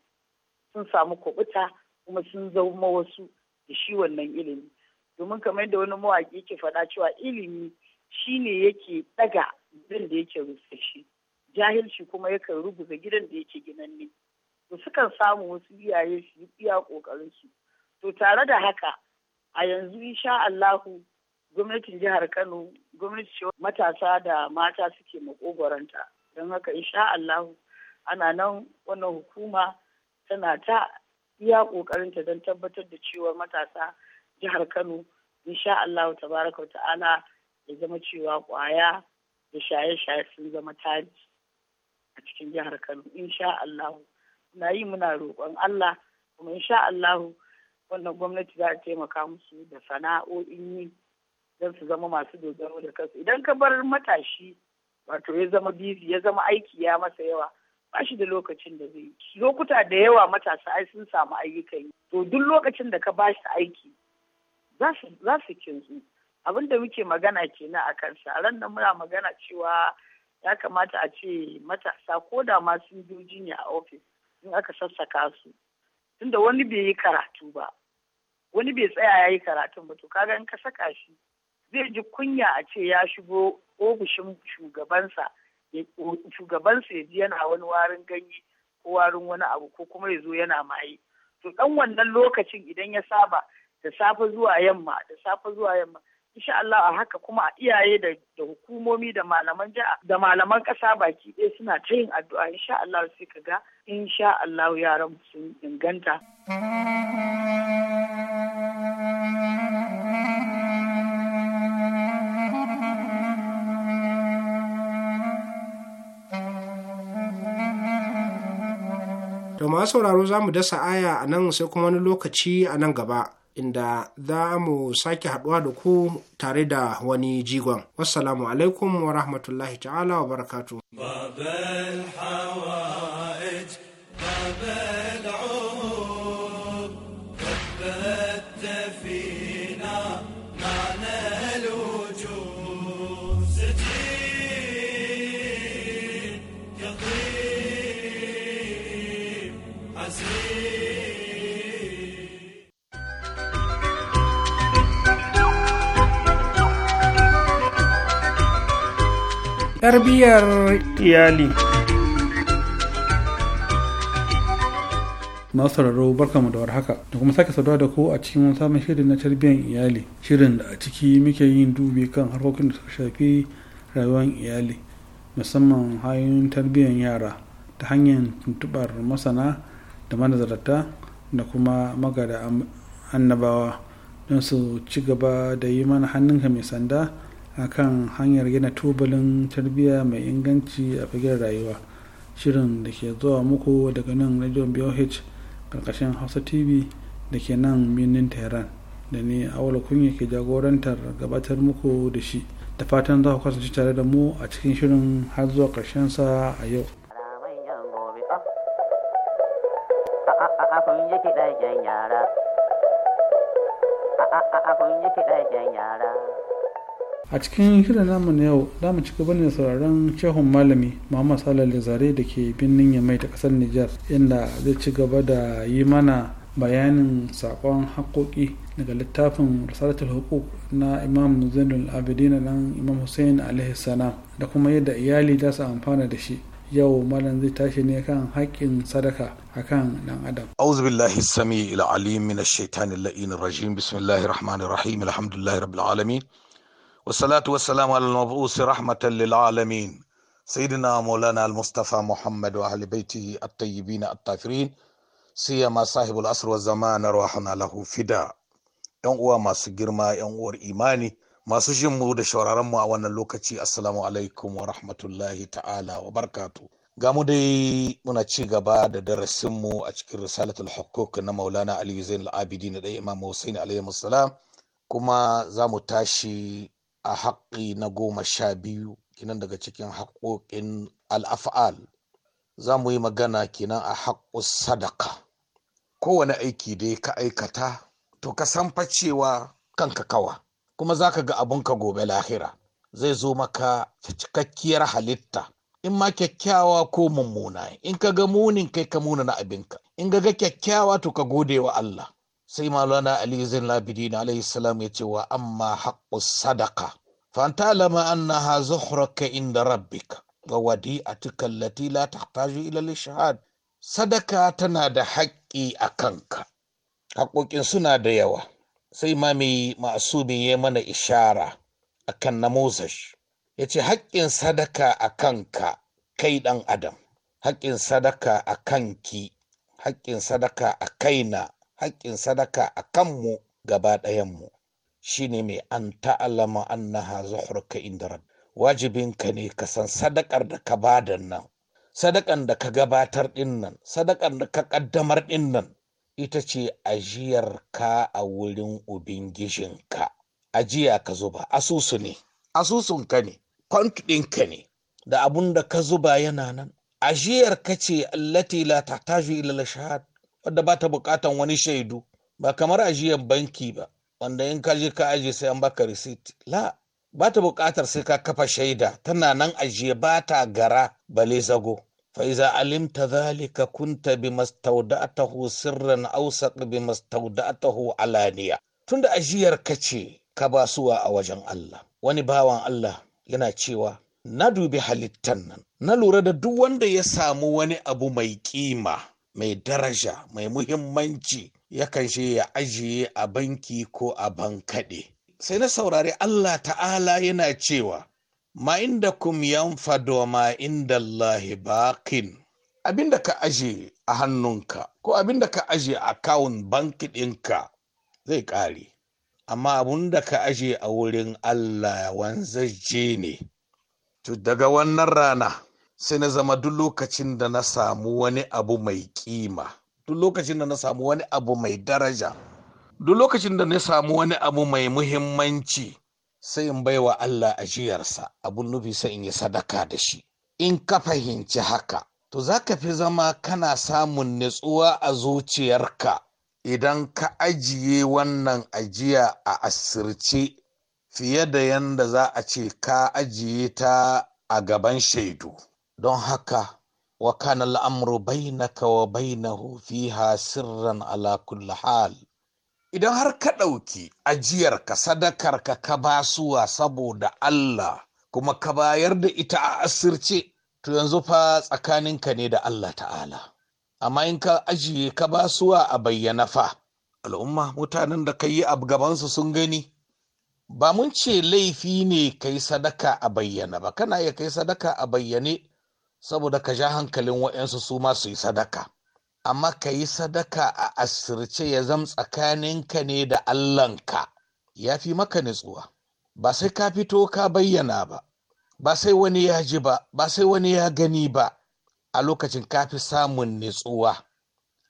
sun samu kubuta kuma sun zama wasu da shi wannan ilimi domin kamar da wani mawaƙi yake faɗa cewa ilimi shine yake ɗaga gidan da yake shi jahilci kuma yakan rubuta gidan da yake ginanne to sukan samu wasu iyaye su yi iya ƙoƙarinsu to tare da haka a yanzu insha Allahu gwamnatin jihar Kano gwamnati ce matasa da mata suke makogoranta don haka insha Allahu ana nan wannan hukuma tana ta iya kokarinta don tabbatar da cewa matasa jihar Kano insha Allahu tabaraka ta'ala ya zama cewa kwaya da shaye-shaye sun zama tari a cikin jihar Kano insha Allahu muna yi muna roƙon Allah kuma insha Allahu wannan gwamnati za a taimaka musu da sana'o'in yi don su zama masu dogaro da kansu idan ka bar matashi wato ya zama bizi ya zama aiki ya masa yawa ba shi da lokacin da zai yi. lokuta da yawa matasa ai sun samu ayyukan yi to duk lokacin da ka ba shi aiki za su kintsu abin da muke magana kenan a kansa ran nan muna magana cewa ya kamata a ce matasa ko da ma sun jinya a ofis in aka sassaka su tunda wani bai yi karatu ba wani bai tsaya ya yi karatun ba to kaga in ka saka shi zai ji kunya a ce ya shigo ofishin shugabansa shugabansa ya ji yana wani warin ganye ko warin wani abu ko kuma ya zo yana maye to dan wannan lokacin idan ya saba da safe zuwa yamma da safe zuwa yamma insha Allah a haka kuma a iyaye da hukumomi da malaman jiha da malaman ƙasa baki ɗaya suna ta yin addu'a insha Allah sai ka ga insha Allah yaran sun inganta. da masu sauraro za mu dasa aya a nan sai kuma wani lokaci a nan gaba inda za mu sake haduwa da ku tare da wani jigon wassalamu alaikum wa rahmatullahi ta'ala wa barakatu tarbiyyar iyali masu sauraro barkamu da haka, da kuma sake saduwa da ku a cikin wani sabon shirin na tarbiyyar iyali shirin da a ciki muke yin dubi kan harkokin da suka shafi rayuwar iyali musamman hanyoyin tarbiyyar yara ta hanyar tuntubar masana da manazarta da kuma magada annabawa don su ci gaba da yi mana hannunka mai sanda a kan hanyar gina tubalin tarbiyya mai inganci a fagen rayuwa shirin da ke zuwa muku daga nan radio boh karkashin hausa tv da ke nan minin tehran da ne awal kunya ke jagorantar gabatar muku da shi da fatan za ku kasance tare da mu a cikin shirin har zuwa karshen sa a yau yara a cikin shirin namu na yau za mu ci gaba ne sauraron shehun malami muhammad da zare da ke birnin yamai ta kasar nijar inda zai ci gaba da yi mana bayanin sakon haƙoƙi daga littafin risalatul hukuk na imam zainul abidina nan imam hussein alaihi salam da kuma yadda iyali za su amfana da shi yau malam zai tashi ne kan haƙƙin sadaka akan dan adam auzu billahi sami al-alim min ash rajim bismillahir rahmanir rahim alhamdulillahi rabbil alamin والصلاة والسلام على المبعوث رحمة للعالمين سيدنا مولانا المصطفى محمد وأهل بيته الطيبين الطاهرين سيما صاحب الأسر والزمان روحنا له فداء ‘yan uwa masu girma ‘yan uwar imani masu jin mu da shawararren mu a wannan lokaci assalamu alaikum wa rahmatullahi ta'ala wa barkatu ga mu dai muna ci gaba da darasin mu a cikin risalatul hukuk na maulana ali zain al-abidin da imam husaini alaihi salam kuma za mu tashi a haƙƙi na goma sha biyu kinan daga cikin haƙoƙin al'afa'al za mu yi magana kinan a haƙƙus sadaka kowane aiki dai ka aikata to ka san facewa kanka kawa kuma za ka ga abunka gobe lahira zai zo maka cikakkiyar halitta in ma kyakkyawa ko mummuna in ka ga munin kai ka munana abinka in ga ga kyakkyawa to ka gode wa Allah sai malana ali zin labidin alayhi salam ya ce wa amma haqqu sadaka fantalama annaha zukhraka inda rabbika wa wadi'atuka allati la tahtaju ila al sadaka tana da haƙƙi a kanka haƙoƙin suna da yawa sai ma mai masu ya mana ishara a kan na Moses ya ce haƙƙin sadaka a kanka kai ɗan adam haƙƙin sadaka a kanki haƙƙin sadaka a kaina haƙƙin sadaka a kanmu gaba ɗayanmu shine mai an ta'alama annaha harka inda Wajibin wajibinka ne ka san sadakar da ka ba da nan sadakan da ka gabatar ɗin nan sadakan da ka ƙaddamar ɗin nan ita ce ajiyar ka a wurin ubangijinka ajiya ka zuba asusu ne Asusun ka ne kwant ɗinka ne da abun da ka zuba yana nan ajiyar ka ce allati la tahtaju ila shahad wadda ba ta bukatan wani shaidu ba kamar ajiyar banki ba wanda in ka je ka ajiye sai an baka risit. la ba ta bukatar sai ka kafa shaida tana nan ajiye ba ta gara bale zago فإذا علمت ذلك كنت بما استودعته سرا أوثق بما استودعته علانية tunda ajiyar ka ce ka basuwa a wajen Allah wani bawan Allah yana cewa na dubi halittan nan na lura da duk wanda ya samu wani abu mai kima mai daraja mai muhimmanci yakan shi ya ajiye a banki ko a bankaɗe sai na saurari allah ta'ala yana cewa ma inda kum yanfado ma inda allahi bakin abinda ka aje a hannunka ko abinda ka aje a kawun banki ɗinka zai ƙare amma abun da ka aje a wurin allah wanzaje ne to daga wannan rana sai na zama duk lokacin da na samu wani abu mai kima duk lokacin da na samu wani abu mai daraja duk lokacin da na samu wani abu mai muhimmanci sai in baiwa Allah ajiyarsa abun nufi sai in yi sadaka da shi in ka fahimci haka to za ka fi zama kana samun nutsuwa a zuciyarka idan ka ajiye wannan ajiya a asirce fiye da yanda za a ce ka ajiye ta a gaban shaidu. don haka wa kana al'amru bainaka wa bainahu fiha sirran ala kulli hal idan har ka ɗauki ajiyarka sadakarka ka basuwa saboda Allah kuma ka bayar da ita a asirce to yanzu fa tsakaninka ne da Allah ta'ala amma in ka ajiye ka basuwa a bayyana fa al'umma mutanen da ka yi a gabansu sun gani ba mun ce laifi ne kai sadaka a bayyana ba kana iya kai sadaka a bayyane saboda ka ja hankalin waɗansu su ma su yi sadaka amma ka yi sadaka a asirce ya zam tsakaninka ne da allahnka ya fi maka nutsuwa ba sai ka fito ka bayyana ba ba sai wani ya ji ba ba sai wani ya gani ba a lokacin ka fi samun nutsuwa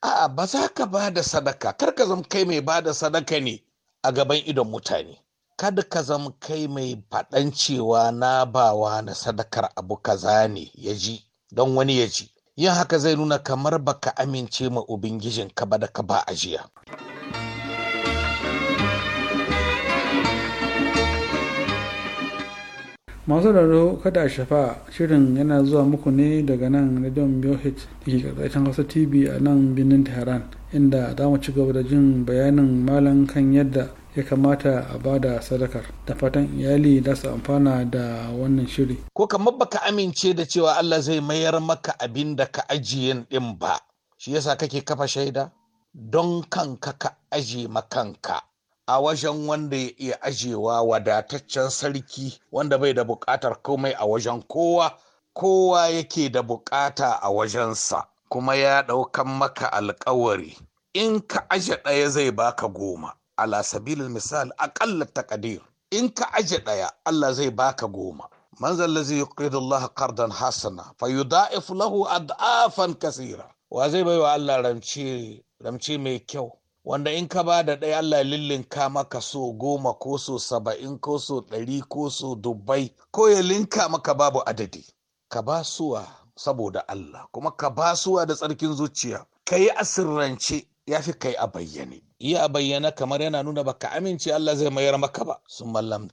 a'a ba za ka ba da sadaka kar ka zam kai mai ba da sadaka ne a gaban idon mutane kada ka zama kai mai faɗan cewa na bawa na sadakar abu kaza ne ya ji don wani ya ji yin haka zai nuna kamar baka amince ma ka ba da ka ba ajiya. masu raro kada a shafa shirin yana zuwa muku ne daga nan radion bioh da ke karkashin hausa tv a nan birnin tehran inda za mu ci gaba da jin bayanin malam kan yadda ya kamata a bada da sadakar da fatan iyali da su amfana da wannan shiri ko kamar baka amince da cewa Allah zai mayar maka abin da ka ajiye din ba shi yasa kake kafa shaida don kanka ka aje makanka a wajen wanda ya iya ajewa wadataccen sarki wanda bai da buƙatar komai a wajen kowa kowa yake da buƙata a wajensa kuma ya ɗaukan maka alkawari in ka aje ɗaya zai baka goma ala sabilin misal aƙalla takadir in ka aje ɗaya Allah zai baka goma man zai yuqridu Allah qardan hasana fa yudaifu lahu ad'afan kasira wa zai bai wa Allah ramci ramci mai kyau wanda in ka ba da ɗaya Allah lillinka maka so goma ko so saba'in ko so ɗari ko so dubbai ko ya linka maka babu adadi ka ba suwa saboda Allah kuma ka ba suwa da tsarkin zuciya ka yi asirrance ya fi kai a bayyane Iya a bayyana kamar yana nuna baka amince Allah zai mayar maka ba sun mallam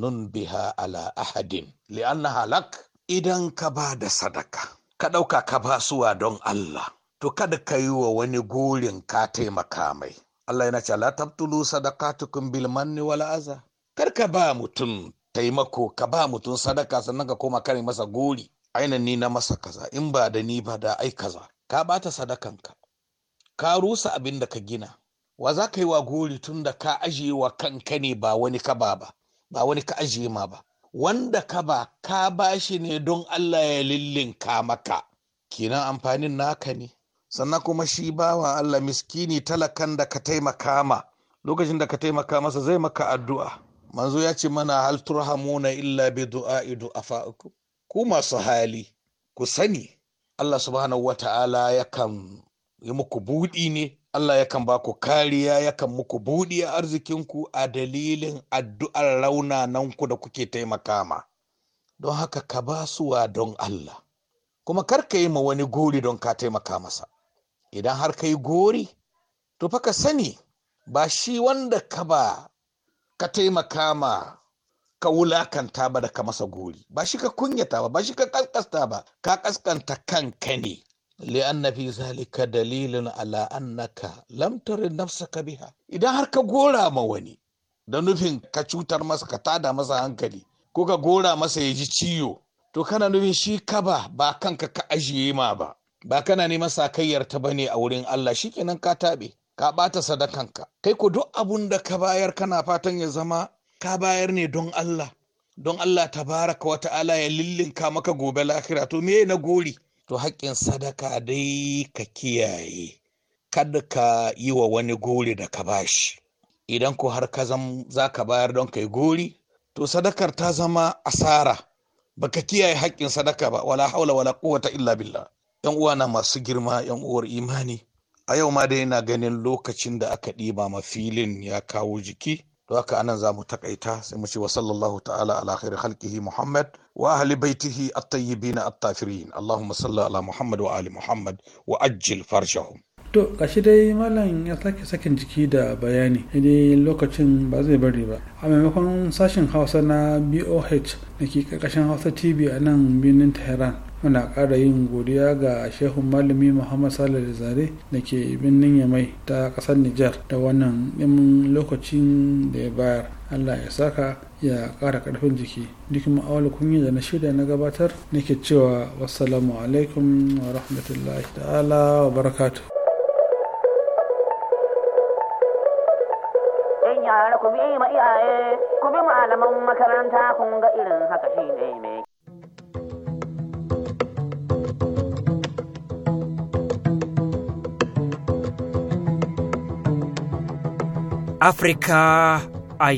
nun biha ala ahadin na halak idan ka ba da sadaka ka ɗauka ka ba suwa don Allah to kada ka yi wa wani gurin ka taimaka mai Allah yana ce la tabtulu sadaqatukum bil manni wal aza kar ka ba mutum taimako ka ba mutum sadaka sannan ka koma kare masa gori Ainihin ni na masa kaza in ba da ni ba da ai kaza ka bata sadakanka ka rusa abin da ka gina wa za ka yi wa gori tun da ka ajiye wa kanka ne ba wani ka ba ba ba wani ka ajiye ma ba wanda ka ba ka ba shi ne don Allah ya lillinka maka Kinan amfanin naka ne sannan kuma shi bawa Allah miskini talakan da ka taimaka ma lokacin da ka taimaka masa zai maka addu'a manzo ya ce mana hal turhamuna illa bi du'a'i du'afa'ukum ku masu hali ku sani Allah subhanahu wata'ala yakan Yi muku buɗi ne Allah yakan ba ku kariya yakan muku buɗi a arzikinku a dalilin addu'ar raunananku da kuke taimaka ma don haka ka ba basuwa don Allah kuma kar ka yi ma wani gori don ka taimaka masa idan har ka yi gori to fa ka sani ba shi wanda ka ba ka taimaka ma ka wulakanta ba da ka masa gori ba shi ka kunyata ba ba shi ka kaskasta ba ka kaskanta kanka ne li'anna fi zalika dalilin ala annaka lam ka nafsaka biha idan har ka gora ma wani da nufin ka cutar masa ka tada masa hankali ko ka gora masa ya ji ciwo to kana nufin shi ka ba ba kanka ka ajiye ma ba ba kana neman sakayyar ta bane a wurin Allah shikenan ka tabe ka bata sadakanka kai ko duk abun da ka bayar kana fatan ya zama ka bayar ne don Allah don Allah tabaraka wa ta'ala ya lillinka maka gobe lahira to me na gori to haƙƙin sadaka dai ka kiyaye kada ka yi wa wani gori da ka bashi idan ko har ka zama za ka bayar don ka yi gori to sadakar ta zama asara ba ka kiyaye haƙƙin sadaka ba wala haula wala quwwata illa billah yan uwana masu girma yan uwar imani a yau ma dai na ganin lokacin da aka ɗiba ma filin ya kawo jiki to haka anan za mu takaita sai mu ce wa sallallahu ta'ala ala khairi khalqihi muhammad wa ahli baitihi at-tayyibin at-tafirin allahumma salli ala muhammad wa ali muhammad wa ajil farjahum to gashi dai malam ya sake sakin jiki da bayani idan lokacin ba zai bari ba a maimakon sashen hausa na boh da ke karkashin hausa tv a nan birnin tehran muna ƙara yin godiya ga shehun malami muhammad salih zare da ke birnin yamai ta ƙasar nijar da wannan yamin lokacin da ya bayar allah ya saka ya ƙara karfin jiki duk ma'awal kunya da na shida na gabatar nake cewa wassalamu alaikum wa rahmatullahi ta'ala wa barakatu ku malaman makaranta kun ga irin haka shine mai Africa, a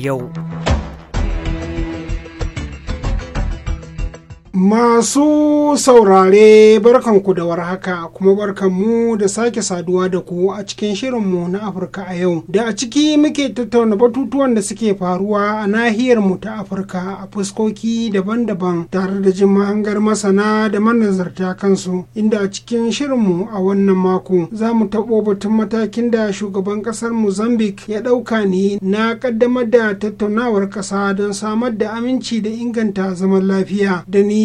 Masu saurare barkanku da warhaka kuma barkanmu da sake saduwa da ku a cikin shirinmu na Afirka a yau. Da a ciki muke tattauna batutuwan da suke faruwa a nahiyar mu ta Afirka a fuskoki daban-daban tare da jin mahangar masana da manazarta kansu. Inda a cikin shirinmu a wannan mako za mu taɓo batun matakin da shugaban ƙasar Mozambique ya ɗauka ne na ƙaddamar da tattaunawar ƙasa don samar da aminci da inganta zaman lafiya da ni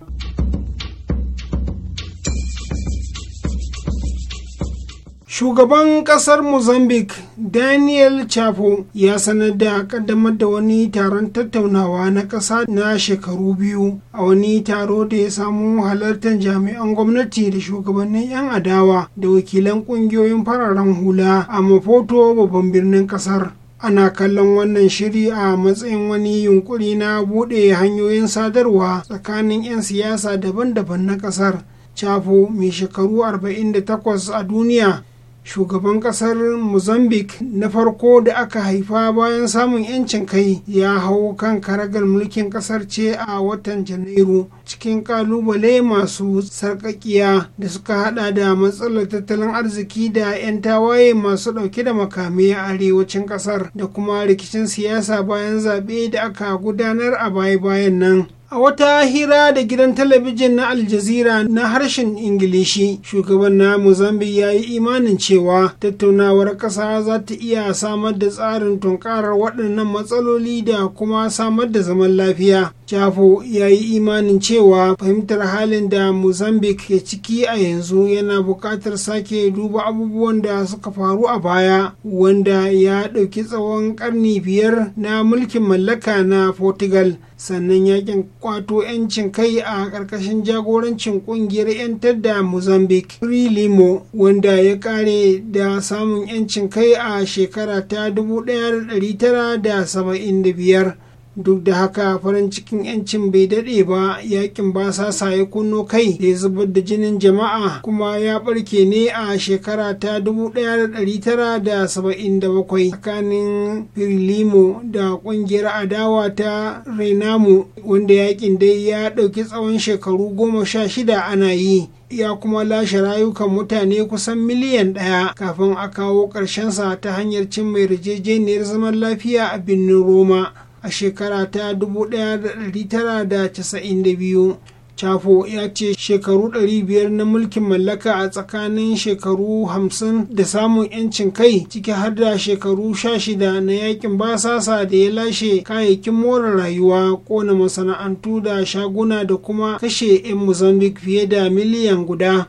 shugaban kasar mozambique daniel chapo ya sanar da kaddamar da wani taron tattaunawa na kasa na shekaru biyu a wani taro da ya samu halartar jami'an gwamnati da shugabannin 'yan adawa da wakilan kungiyoyin fararen hula a mafoto babban birnin kasar ana kallon wannan shiri a matsayin wani yunkuri na buɗe hanyoyin sadarwa tsakanin 'yan siyasa daban-daban na ƙasar. Chapo mai shekaru 48 a duniya shugaban kasar mozambique na farko da aka haifa bayan samun 'yancin kai ya hau kan karagar mulkin kasar ce a watan janairu cikin kalubale masu sarkakiya da suka hada da matsalar tattalin arziki da 'yan tawaye masu dauke da makamai a arewacin kasar da kuma rikicin siyasa bayan zaɓe da aka gudanar a baya-bayan nan a wata hira da gidan talabijin na aljazira na harshen ingilishi shugaban na mozambique ya yi imanin cewa tattaunawar ƙasa za ta iya samar da tsarin tunkarar waɗannan matsaloli da kuma samar da zaman lafiya Jafo ya yi imanin cewa fahimtar halin da Mozambique ke ciki a yanzu yana buƙatar sake duba abubuwan da suka faru a baya wanda ya ɗauki tsawon ƙarni biyar na mulkin mallaka na Portugal. sannan yakin kwato 'yancin kai a ƙarƙashin jagorancin ƙungiyar 'yan da mozambique free limo wanda ya ƙare da samun 'yancin kai a shekara ta 1975 duk da haka farin cikin yancin bai daɗe ba yakin basasa ya kunno kai da ya zubar da jinin jama'a kuma ya ɓarke ne a shekara ta 1977 tsakanin firlimo da ƙungiyar adawa ta renamo wanda yakin dai ya ɗauki tsawon shekaru goma sha shida ana yi ya kuma lashe rayukan mutane kusan miliyan ɗaya kafin a kawo ƙarshensa ta hanyar cin mai yarjejeniyar zaman lafiya a birnin roma a shekara ta 1992 Chafo ya ce shekaru 500 na mulkin mallaka a tsakanin shekaru 50 da samun 'yancin kai ciki har da shekaru 16 na yakin basasa da ya lashe kayayyakin more rayuwa kona masana'antu da shaguna da kuma kashe 'yan Mozambique fiye da miliyan guda.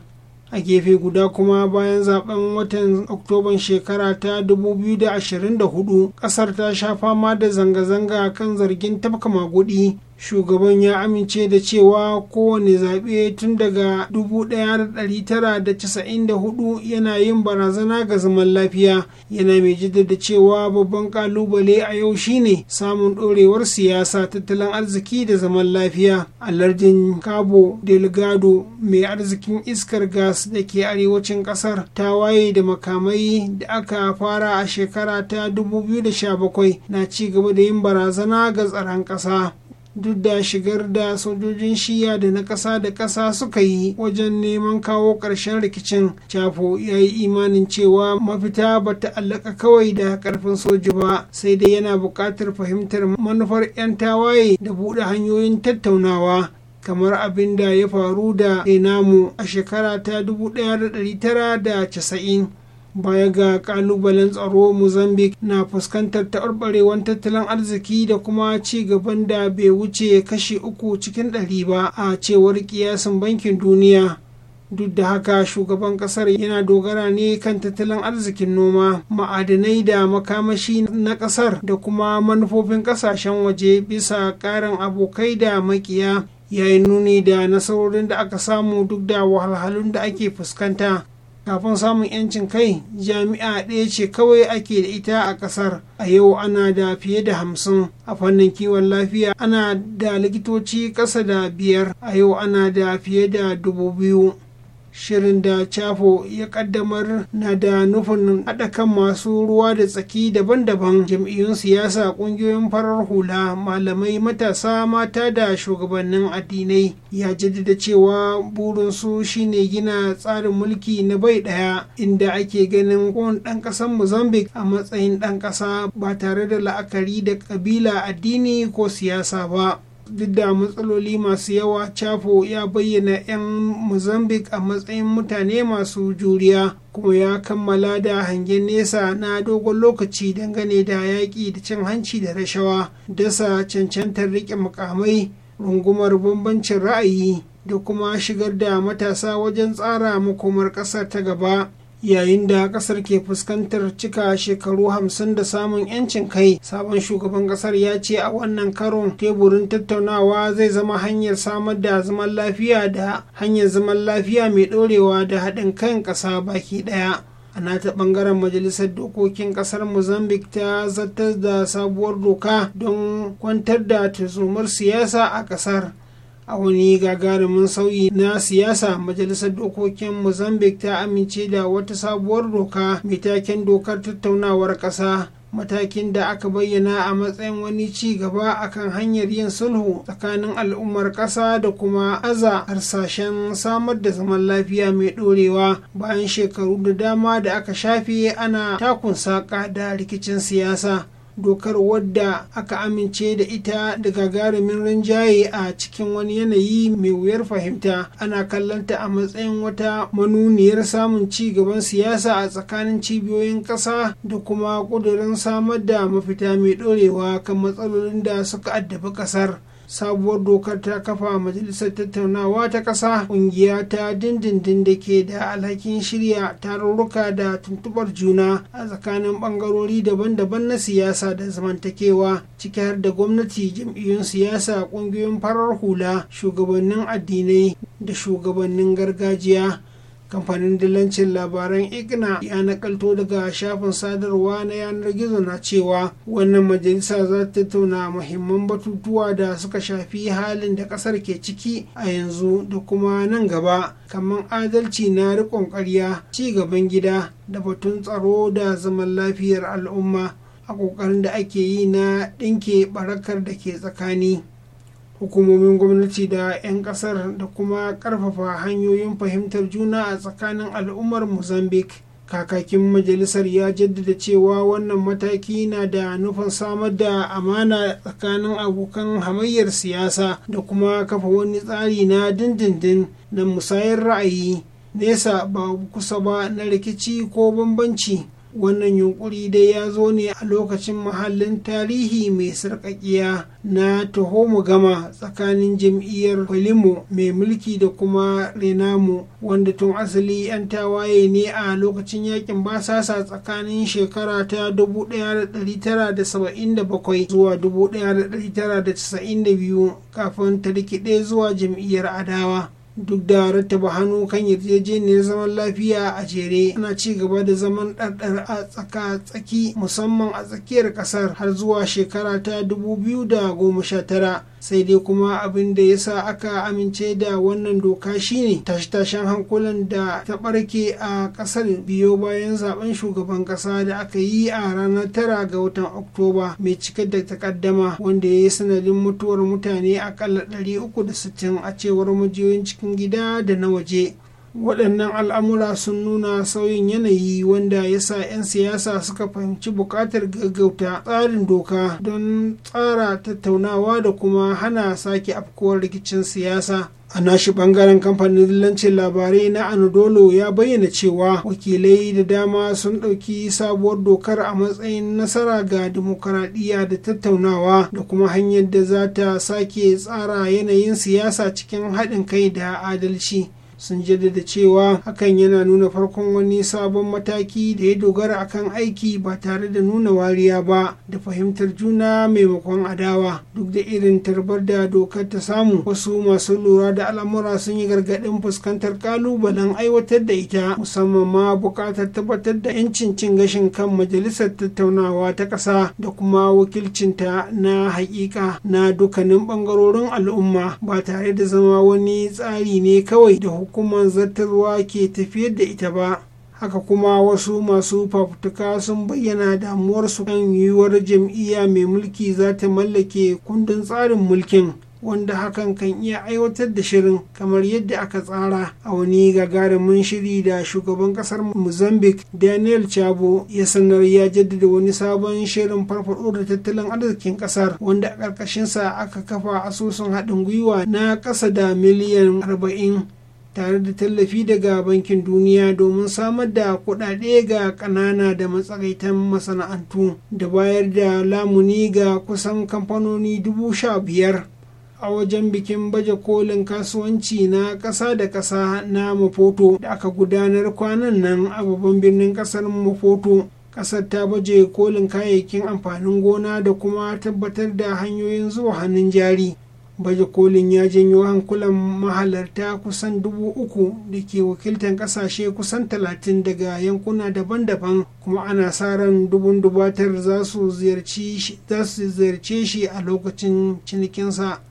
a gefe guda kuma bayan zaben watan oktoban shekara ta 2024 kasar ta sha fama da zanga-zanga kan zargin tafka magudi shugaban ya amince da cewa kowane zaɓe tun daga 1994 yana yin barazana ga zaman lafiya yana mai jaddada cewa babban kalubale a yau shine samun ɗorewar siyasa tattalin arziki da zaman lafiya a lardin cabo delgado mai arzikin iskar gas da ke arewacin ƙasar ta waye da makamai da aka fara a shekara ta 2017 na ci gaba da yin barazana ga tsaron ƙasa duk da shigar da sojojin shiya da na ƙasa da ƙasa suka yi wajen neman kawo ƙarshen rikicin chafo ya yi imanin cewa mafita ba ta allaka kawai da ƙarfin soji ba sai dai yana buƙatar fahimtar manufar 'yan tawaye da buɗe hanyoyin tattaunawa kamar abin da ya faru da namu a shekara ta 1990 baya ga kalubalen tsaro mozambique na fuskantar taɓarɓarewar tattalin arziki da kuma ci gaban da bai wuce kashi uku cikin ɗari ba a cewar kiyasin bankin duniya duk da haka shugaban kasar yana dogara ne kan tattalin arzikin noma ma'adanai da makamashi na kasar da kuma manufofin kasashen waje bisa karin abokai da makiya yayin nuni da nasarorin da aka samu duk da wahalhalun da ake fuskanta kafin samun yancin kai jami'a ɗaya ce kawai ake da ita a ƙasar a yau ana da fiye da hamsin a fannin kiwon lafiya ana da likitoci ƙasa da biyar a yau ana da fiye da dubu biyu shirin da chafo ya kaddamar na da nufin haɗa kan masu ruwa da tsaki daban-daban jam'iyyun siyasa ƙungiyoyin farar hula malamai matasa mata da shugabannin addinai ya jaddada cewa burinsu shine gina tsarin mulki na bai ɗaya inda ake ganin kowane ɗan ƙasar mozambique a matsayin ɗan ƙasa ba tare da la'akari da ƙabila addini ko siyasa ba duk da matsaloli masu yawa chapo ya bayyana 'yan mozambique a matsayin mutane masu juriya kuma ya kammala da hangen nesa na dogon lokaci dangane da yaƙi da cin hanci da rashawa dasa cancantar riƙe mukamai rungumar bambancin ra'ayi da kuma shigar da matasa wajen tsara makomar ƙasar ta gaba yayin da kasar ke fuskantar cika shekaru hamsin da samun yancin kai sabon shugaban kasar ya ce a wannan karon teburin tattaunawa zai zama hanyar samar da zaman lafiya da hanyar zaman lafiya mai ɗorewa da haɗin kan ƙasa baki ɗaya a nata ɓangaren majalisar dokokin ƙasar mozambique ta zartar da sabuwar doka don kwantar da tuzumar siyasa a ƙasar. a wani gagarumin sauyi na siyasa majalisar dokokin mozambique ta amince da wata sabuwar doka mai taken dokar tattaunawar ƙasa matakin da aka bayyana a matsayin wani ci gaba akan hanyar yin sulhu tsakanin al'ummar ƙasa da kuma aza harsashen samar da zaman lafiya mai ɗorewa bayan shekaru da dama da aka shafe ana takun saƙa da rikicin siyasa dokar wadda aka amince da ita daga gagarumin rinjaye a cikin wani yanayi mai wuyar fahimta ana kallonta a matsayin wata manuniyar samun ci gaban siyasa a tsakanin cibiyoyin ƙasa da kuma ƙudurin samar da mafita mai ɗorewa kan matsalolin da suka addabi ƙasar sabuwar dokar ta kafa majalisar tattaunawa ta ƙasa Ƙungiyata ta dindindin da ke da alhakin shirya tarurruka da tuntubar juna a tsakanin ɓangarori daban-daban na siyasa da zamantakewa ciki har da gwamnati jam'iyyun siyasa ƙungiyoyin farar hula shugabannin addinai da shugabannin gargajiya kamfanin dillancin labaran igna ya nakalto daga shafin sadarwa na yanar gizo na cewa wannan majalisa za ta tattauna muhimman batutuwa da suka shafi halin da kasar ke ciki a yanzu da kuma nan gaba kamar adalci na riƙon ƙarya ci gaban gida da batun tsaro da zaman lafiyar al'umma a ƙoƙarin da ake yi na ɗinke barakar da ke tsakani hukumomin gwamnati da 'yan kasar da kuma karfafa hanyoyin fahimtar juna a tsakanin al'ummar mozambique kakakin majalisar ya jaddada cewa wannan mataki na da nufin samar da amana tsakanin abokan hamayyar siyasa da kuma kafa wani tsari na dindindin na musayar ra'ayi nesa ba kusa ba na rikici ko bambanci wannan yunkuri dai ya zo ne a lokacin mahallin tarihi mai sarƙaƙiya na tohomu gama tsakanin jam'iyyar kwalimo mai mulki da kuma renamo wanda tun asali 'yan tawaye ne a lokacin yakin basasa tsakanin shekara ta 1977 zuwa 1992 kafin ta rikide zuwa jam'iyyar adawa duk da rattaba hannu kan yarjejeniyar zaman lafiya a jere ana ci gaba da zaman ɗarɗar a tsaka-tsaki musamman a tsakiyar ƙasar har zuwa shekara ta 2019 sai dai kuma abin da ya sa aka amince da wannan doka shine tashe-tashen hankulan da ta ɓarke a ƙasar biyo bayan zaben shugaban ƙasa da aka yi a ranar tara ga watan oktoba mai cike da takaddama wanda ya yi sanadin mutuwar mutane akalla 360 a cewar majiyoyin cikin cikin gida da na waje waɗannan al'amura sun nuna sauyin yanayi wanda ya sa 'yan siyasa suka fahimci buƙatar gaggauta tsarin doka don tsara tattaunawa da kuma hana sake afkuwar rikicin siyasa a nashi bangaren kamfanin dillancin labarai na anadolu ya bayyana cewa wakilai da dama sun ɗauki sabuwar dokar a matsayin nasara ga dimokuraɗiyya da tattaunawa da kuma hanyar da za ta sake tsara yanayin siyasa cikin haɗin kai da adalci sun jaddada cewa hakan yana nuna farkon wani sabon mataki da ya dogara akan aiki ba tare da nuna wariya ba da fahimtar juna maimakon adawa duk da irin tarbar da dokar ta samu wasu masu lura da al'amura sun yi gargaɗin fuskantar kalubalen aiwatar da ita musamman ma buƙatar tabbatar da 'yancin cin gashin kan majalisar tattaunawa ta ƙasa da kuma wakilcinta na haƙiƙa na dukkanin ɓangarorin al'umma ba tare da zama wani tsari ne kawai da hukumar hukumar zartarwa ke tafiyar da ita ba haka kuma wasu masu fafutuka sun bayyana damuwarsu kan yiwuwar jam'iyya mai mulki za ta mallake kundin tsarin mulkin wanda hakan kan iya aiwatar da shirin kamar yadda aka tsara a wani gagarumin shiri da shugaban kasar mozambique daniel chabo ya sanar ya jaddada wani sabon shirin farfado da tattalin arzikin kasar wanda a ƙarƙashinsa aka kafa asusun haɗin gwiwa na ƙasa da miliyan 40 tare da tallafi daga bankin duniya domin samar da kuɗaɗe ga ƙanana da matsakaitan masana'antu da bayar da lamuni ga kusan kamfanoni dubu sha biyar a wajen bikin baje kolin kasuwanci na ƙasa da ƙasa na mafoto da aka gudanar kwanan nan a babban birnin ƙasar mafoto ƙasar ta baje kolin kayayyakin amfanin gona da kuma tabbatar da hanyoyin zuwa hannun jari baje kolin ya janyo hankulan mahalarta kusan dubu uku da ke wakiltar kasashe kusan talatin daga yankuna daban-daban kuma ana sa ran dubun dubatar za su ziyarce shi a lokacin cinikinsa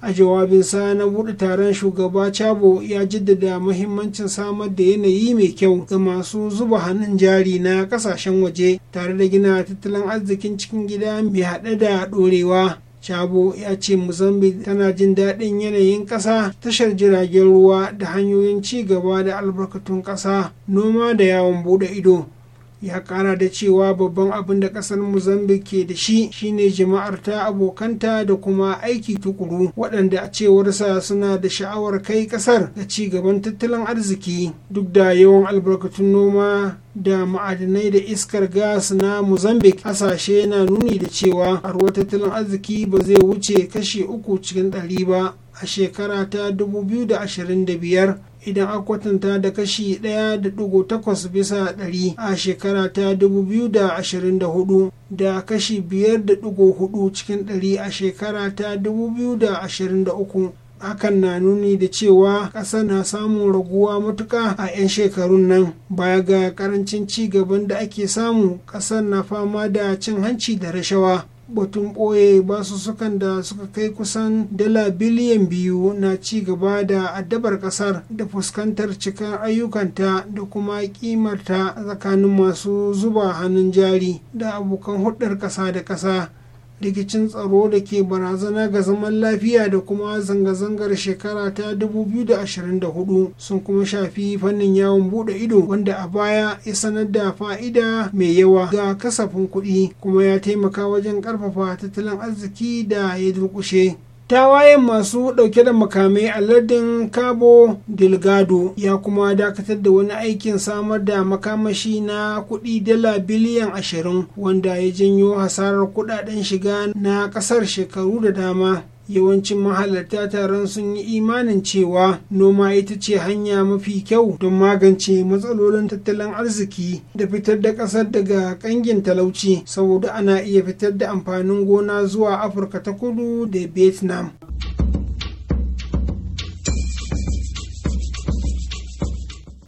a jawabinsa na buɗe taron shugaba cabo ya jaddada muhimmancin samar da yanayi mai kyau ga masu zuba hannun jari na kasashen waje tare da gina tattalin arzikin cikin gida mai haɗe da ɗorewa Chabo ya ce Mozambique tana jin daɗin yanayin ƙasa, tashar jiragen ruwa da hanyoyin ci gaba da albarkatun ƙasa, noma da yawon buɗe ido. ya kara da cewa babban abin da kasar mozambique ke da shi shine jama'ar ta abokanta da kuma aiki tukuru waɗanda a cewarsa suna da sha'awar kai kasar ga ci gaban tattalin arziki duk da yawan albarkatun noma da ma'adinai da iskar gas na mozambique hasashe na nuni da cewa arwa tattalin arziki ba zai wuce kashi uku cikin ɗari ba a shekara ta 2025 idan aka kwatanta da kashi 1.8 bisa ɗari a shekara ta 2024 da kashi 5.4 cikin ɗari a shekara ta 2023 hakan na nuni da cewa ƙasa na samun raguwa matuƙa a 'yan shekarun nan baya ga ƙarancin ci gaban da ake samu ƙasar na fama da cin hanci da rashawa batun ɓoye sukan da suka kai kusan dala biliyan biyu na ci gaba da addabar ƙasar da fuskantar cikin ayyukanta da kuma kimarta tsakanin masu zuba hannun jari da abokan hudar ƙasa da ƙasa rikicin tsaro da ke barazana ga zaman lafiya da kuma zanga-zangar shekara ta 2024 sun kuma shafi fannin yawon bude ido wanda a baya ya sanar da fa'ida mai yawa ga kasafin kuɗi kuma ya taimaka wajen ƙarfafa tattalin arziki da ya durƙushe. tawayen masu dauke da makamai a lardin cabo delgado ya kuma dakatar da wani aikin samar da makamashi na kudi dala biliyan ashirin wanda ya janyo hasarar kudaden shiga na kasar shekaru da dama yawancin mahalarta taron sun yi imanin cewa noma ita ce hanya mafi kyau don magance matsalolin tattalin arziki da fitar da ƙasar daga ƙangin talauci saboda ana iya fitar da amfanin gona zuwa afirka ta kudu da vietnam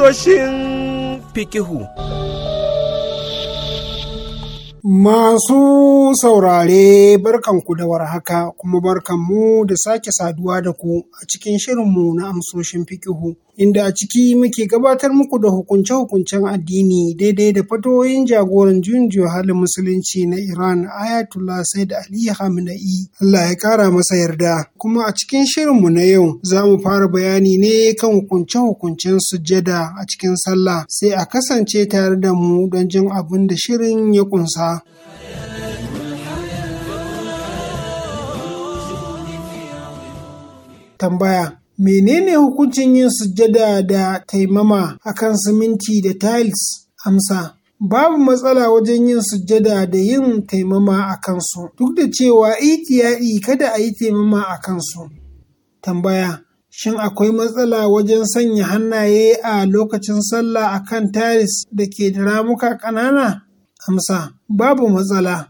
Amsoshin fikihu. Masu saurare barkanku da warhaka kuma barkanmu da sake saduwa da ku a cikin shirinmu na amsoshin fikihu. inda a ciki muke gabatar muku da hukunce-hukuncen addini daidai da fatoyin jagoran junjiyo halin musulunci na Iran Ayatollah Said Ali Khamenei Allah ya kara masa yarda kuma a cikin shirinmu na yau za mu fara bayani ne kan hukunce-hukuncen sujjada a cikin sallah sai a kasance tare da mu don jin abin da shirin ya kunsa. Tambaya Menene hukuncin yin sujjada da taimama akan siminti da tiles? Amsa. babu matsala wajen yin sujjada da yin taimama a kansu duk da cewa itiyaɗi kada a yi taimama a kansu. Tambaya Shin akwai matsala wajen sanya hannaye a lokacin sallah a kan tiles da ke da ramuka ƙanana? Amsa Babu matsala.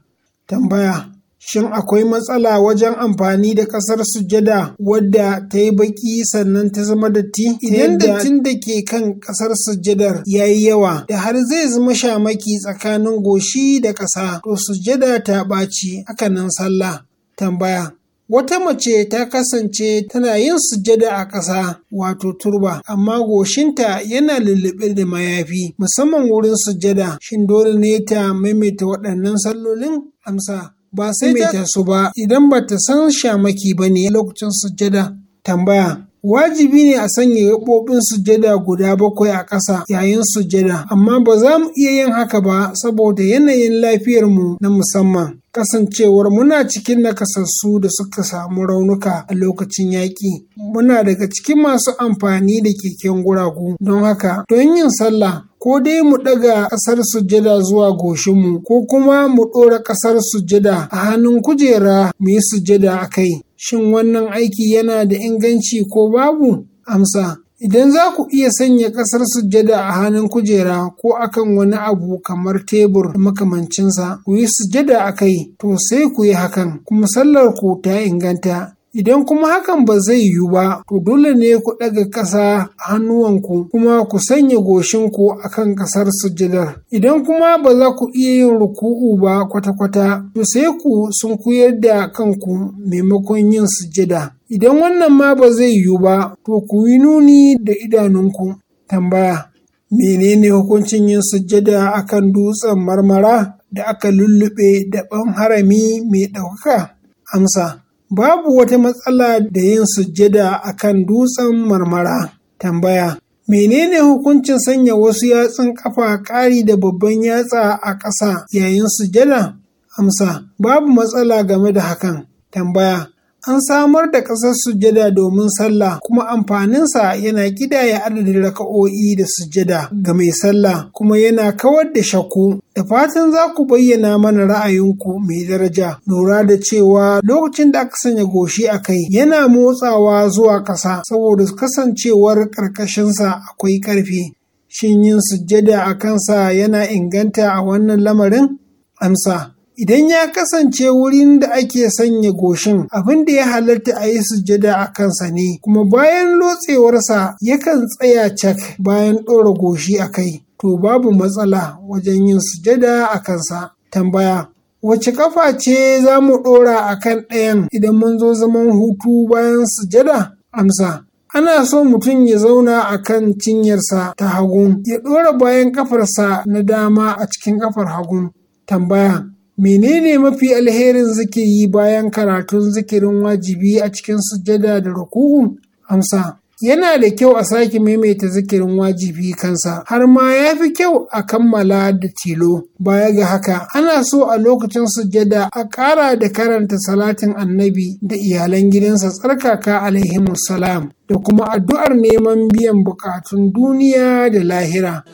Tambaya Shin akwai matsala wajen amfani da ƙasar sujada wadda ta yi baƙi sannan ta zama datti? Idan dattin da ke kan ƙasar sujadar ya yi yawa, da har zai zama shamaki tsakanin goshi da ƙasa, to sujada ta ɓaci, hakanan sallah. Tambaya. Wata mace ta kasance tana yin sujada a ƙasa wato turba, amma goshinta yana lullube da mayafi, musamman wurin sujada. Shin dole ne ta maimaita waɗannan sallolin? Amsa. ba sai ta su ba idan ba ta san shamaki ba ne lokacin sujjada tambaya Wajibi ne a sanya gaɓoɓin sujada guda bakwai a ƙasa yayin sujada, amma ba za mu iya yin haka ba saboda yanayin lafiyar mu na musamman. Kasancewar muna cikin nakasassu da suka samu raunuka a lokacin yaƙi, muna daga cikin masu amfani da keken guragu don haka don yin sallah ko dai mu ɗaga ƙasar sujada zuwa goshinmu ko kuma mu ɗora ƙasar sujada a hannun kujera mu yi sujada a kai. shin wannan aiki yana da inganci ko babu? Amsa, idan za ku iya sanya ƙasar sujjada a hannun kujera ko akan wani abu kamar tebur da makamancinsa, ku yi sujjada a kai, to sai ku yi hakan, kuma sallar ku ta inganta. Idan kuma hakan ba zai yiwu ba, to dole ne ku ɗaga ƙasa a hannuwanku kuma ku sanya goshinku a kan ƙasar sujadar. Idan kuma ba za ku iya yin ruku'u ba kwata-kwata, to sai ku sun kuyar da kanku maimakon yin sujada. Idan wannan ma ba zai yiwu ba, to ku yi nuni da idanunku. Tambaya. Menene hukuncin yin sujada kan dutsen marmara da aka lullube da ɓan harami mai ɗaukaka? Amsa. Babu wata matsala da yin sujjada a kan dutsen marmara. Tambaya. Menene hukuncin sanya wasu yatsun kafa ƙari da babban yatsa a ƙasa yayin sujjada? Amsa. Babu matsala game da hakan. Tambaya. An samar da ƙasar sujada domin sallah kuma amfaninsa yana ƙidaya adadin raka'o'i da sujada ga mai sallah kuma yana kawar da shakku. Da fatan za ku bayyana mana ra'ayinku mai daraja lura da cewa lokacin da aka sanya goshi a kai yana motsawa zuwa ƙasa saboda kasancewar ƙarƙashinsa akwai ƙarfi. Shin yin sujada a kansa yana inganta a wannan lamarin? Amsa. Idan ya kasance wurin da ake sanya goshin abin da ya halatta a yi sujada a kansa ne, kuma bayan lotsewarsa yakan tsaya cak bayan ɗora goshi a kai, to babu matsala wajen yin sujada a kansa. Tambaya Wace kafa ce za mu ɗora a kan ɗayan idan mun zo zaman hutu bayan sujada? Amsa. ana so mutum ya zauna a kan cinyarsa ta hagun ya ɗora bayan ƙafarsa na dama a cikin ƙafar hagun tambaya Menene mafi alherin zikiri bayan karatun zikirin wajibi a cikin sujjada da ruku'u? Amsa. Yana da kyau a sake maimaita zikirin wajibi kansa, har ma ya fi kyau a kammala da tilo. Baya ga haka, ana so a lokacin sujjada a ƙara da karanta salatin annabi da iyalan gidansa tsarkaka alaihimus salam da kuma addu'ar neman biyan bukatun duniya da lahira.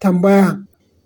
Tambaya: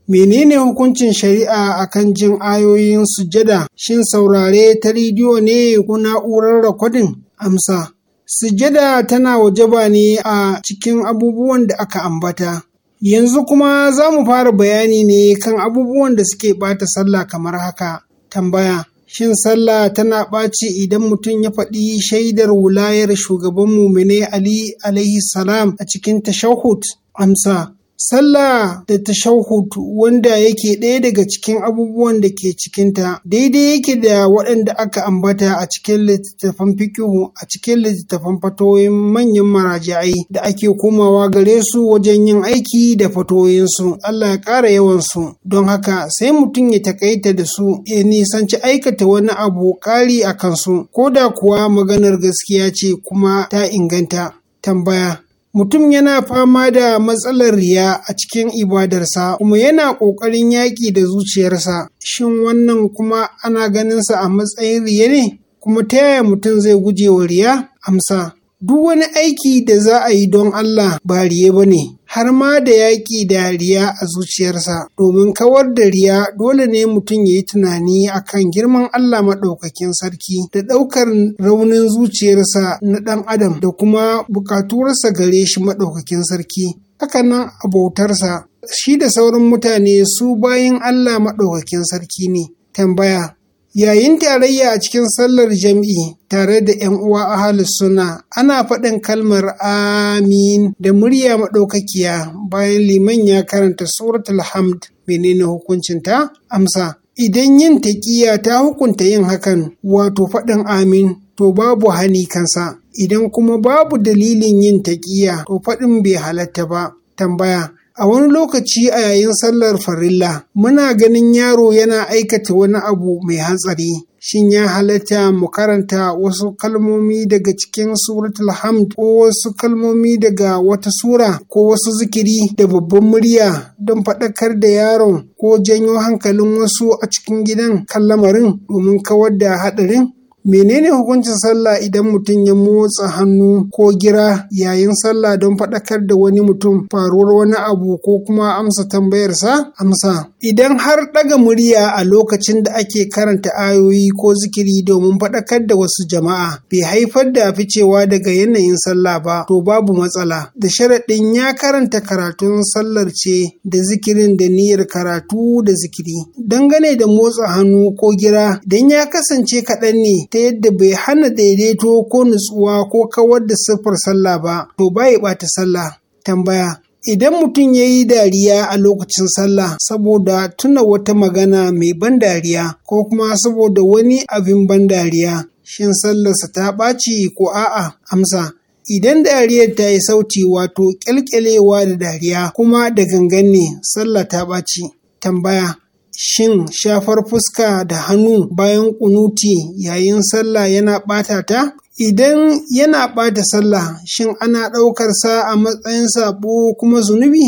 Menene hukuncin shari'a a kan jin ayoyin sujada, shin saurare ta rediyo ne ko na'urar rakwadin? Amsa: Sujada tana wajaba ne a cikin abubuwan da aka ambata. Yanzu kuma za mu fara bayani ne kan abubuwan da suke bata sallah kamar haka. Tambaya: Shin sallah tana ɓaci idan mutum ya faɗi shaidar wulayar shugaban mumine Ali alaihi salam a cikin tashahud? Amsa: Sallah da Hut wanda yake ɗaya daga cikin abubuwan da ke cikinta daidai yake da waɗanda aka ambata a cikin littattafan fikihu a cikin littattafan fatoyin manyan marajiai da ake komawa gare su wajen yin aiki da fatoyinsu Allah ya ƙara yawansu don haka sai mutum ya takaita da su ya nisanci aikata wani abu ƙari a kansu ko da kuwa maganar gaskiya ce kuma ta inganta tambaya Mutum yana fama da matsalar riya a cikin ibadarsa kuma yana ƙoƙarin yaƙi da zuciyarsa, shin wannan kuma ana ganinsa a matsayin riya ne? Kuma ta yaya mutum zai guje wa riya? Amsa, duk wani aiki da za a yi don Allah ba riye ba ne, har ma da yaƙi da riya a zuciyarsa. Domin kawar da riya dole ne mutum ya yi tunani a kan girman Allah maɗaukakin sarki da ɗaukar raunin zuciyarsa na ɗan adam da kuma buƙaturarsa gare shi maɗaukakin sarki. Hakanan a bautarsa shi da sauran mutane su bayan Allah maɗaukakin sarki ne. Tambaya Yayin tarayya a cikin sallar jam'i tare da ‘yan uwa ahalus suna, ana faɗin kalmar amin da murya maɗaukakiya bayan liman ya karanta suratul hamd menene hukuncinta? Amsa, idan yin taƙiya ta hukunta yin hakan, wato faɗin amin, to babu hani kansa, idan kuma babu dalilin yin taƙiya, to faɗin bai halatta ba. Tambaya. A wani lokaci a yayin sallar farilla, muna ganin yaro yana aikata wani abu mai hatsari. Shin ya halatta mu karanta wasu kalmomi daga cikin suratul hamd ko wasu kalmomi daga wata sura ko wasu zikiri da babban murya don faɗakar da yaron ko janyo hankalin wasu a cikin gidan kan lamarin domin kawar da haɗarin? Menene hukuncin sallah idan mutum ya motsa hannu ko gira yayin sallah don faɗakar da wani mutum faruwar wani abu ko kuma amsa tambayarsa? Amsa. Idan har ɗaga murya a lokacin da ake karanta ayoyi ko zikiri domin faɗakar da wasu jama'a bai haifar da ficewa daga yanayin sallah ba, to babu matsala. Da sharaɗin ya karanta karatun sallar ce da zikirin da niyyar karatu da zikiri. Dangane da motsa hannu ko gira, dan ya kasance kaɗan ne ta yadda bai hana daidaito ko nutsuwa ko kawar da siffar sallah ba, to baya bata sallah. Tambaya Idan mutum ya yi dariya a lokacin sallah saboda tuna wata magana mai ban dariya ko kuma saboda wani abin ban dariya, shin sallarsa ta ɓaci ko a'a? Amsa. Idan dariyar ta yi sauti wato ƙyalƙyalewa da dariya kuma da gangan ne, sallah ta ɓaci. Tambaya. shin shafar fuska da hannu bayan kunuti yayin sallah yana ɓata ta? Idan yana ɓata sallah, shin ana ɗaukarsa a matsayin saɓo kuma zunubi?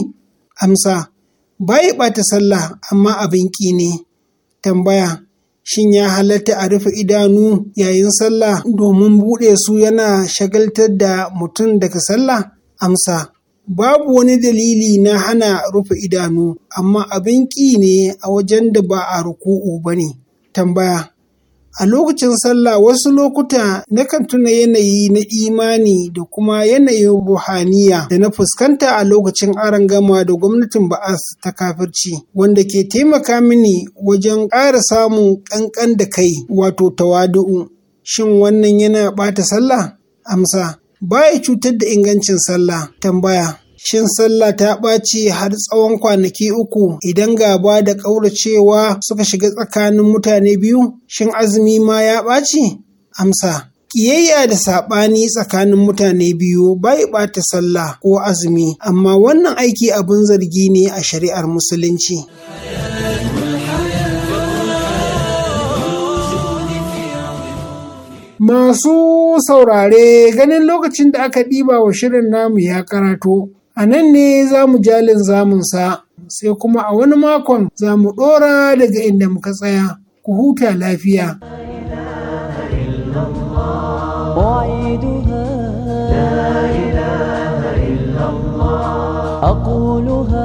Amsa, bai ɓata sallah amma abin ƙi ne. Tambaya, shin ya halatta a rufe idanu yayin sallah domin buɗe su yana shagaltar da mutum daga sallah? Amsa, Babu wani dalili na hana rufe idanu, amma abin ƙi ne a wajen da ba a ruku'u ba ne. Tambaya: A lokacin sallah wasu lokuta nakan tuna yanayi na imani da kuma yanayin ruhaniya da na fuskanta a lokacin aron gama da gwamnatin ba'as ta kafirci, wanda ke taimaka mini wajen ƙara samun ƙanƙan da kai, wato tawadu'u. Shin wannan yana ɓata sallah? Amsa: baya cutar da ingancin sallah tambaya shin sallah ta ɓaci har tsawon kwanaki uku idan gaba da ƙauracewa suka shiga tsakanin mutane biyu shin azumi ma ya ɓaci amsa Ƙiyayya da saɓani tsakanin mutane biyu bai ɓata sallah ko azumi, amma wannan aiki abin zargi ne a shari'ar Musulunci. Masu saurare ganin lokacin da aka ɗiba wa shirin namu ya karatu, a nan ne za mu jalin zamunsa, sai kuma a wani makon za mu ɗora daga inda muka tsaya, ku huta lafiya. أقولها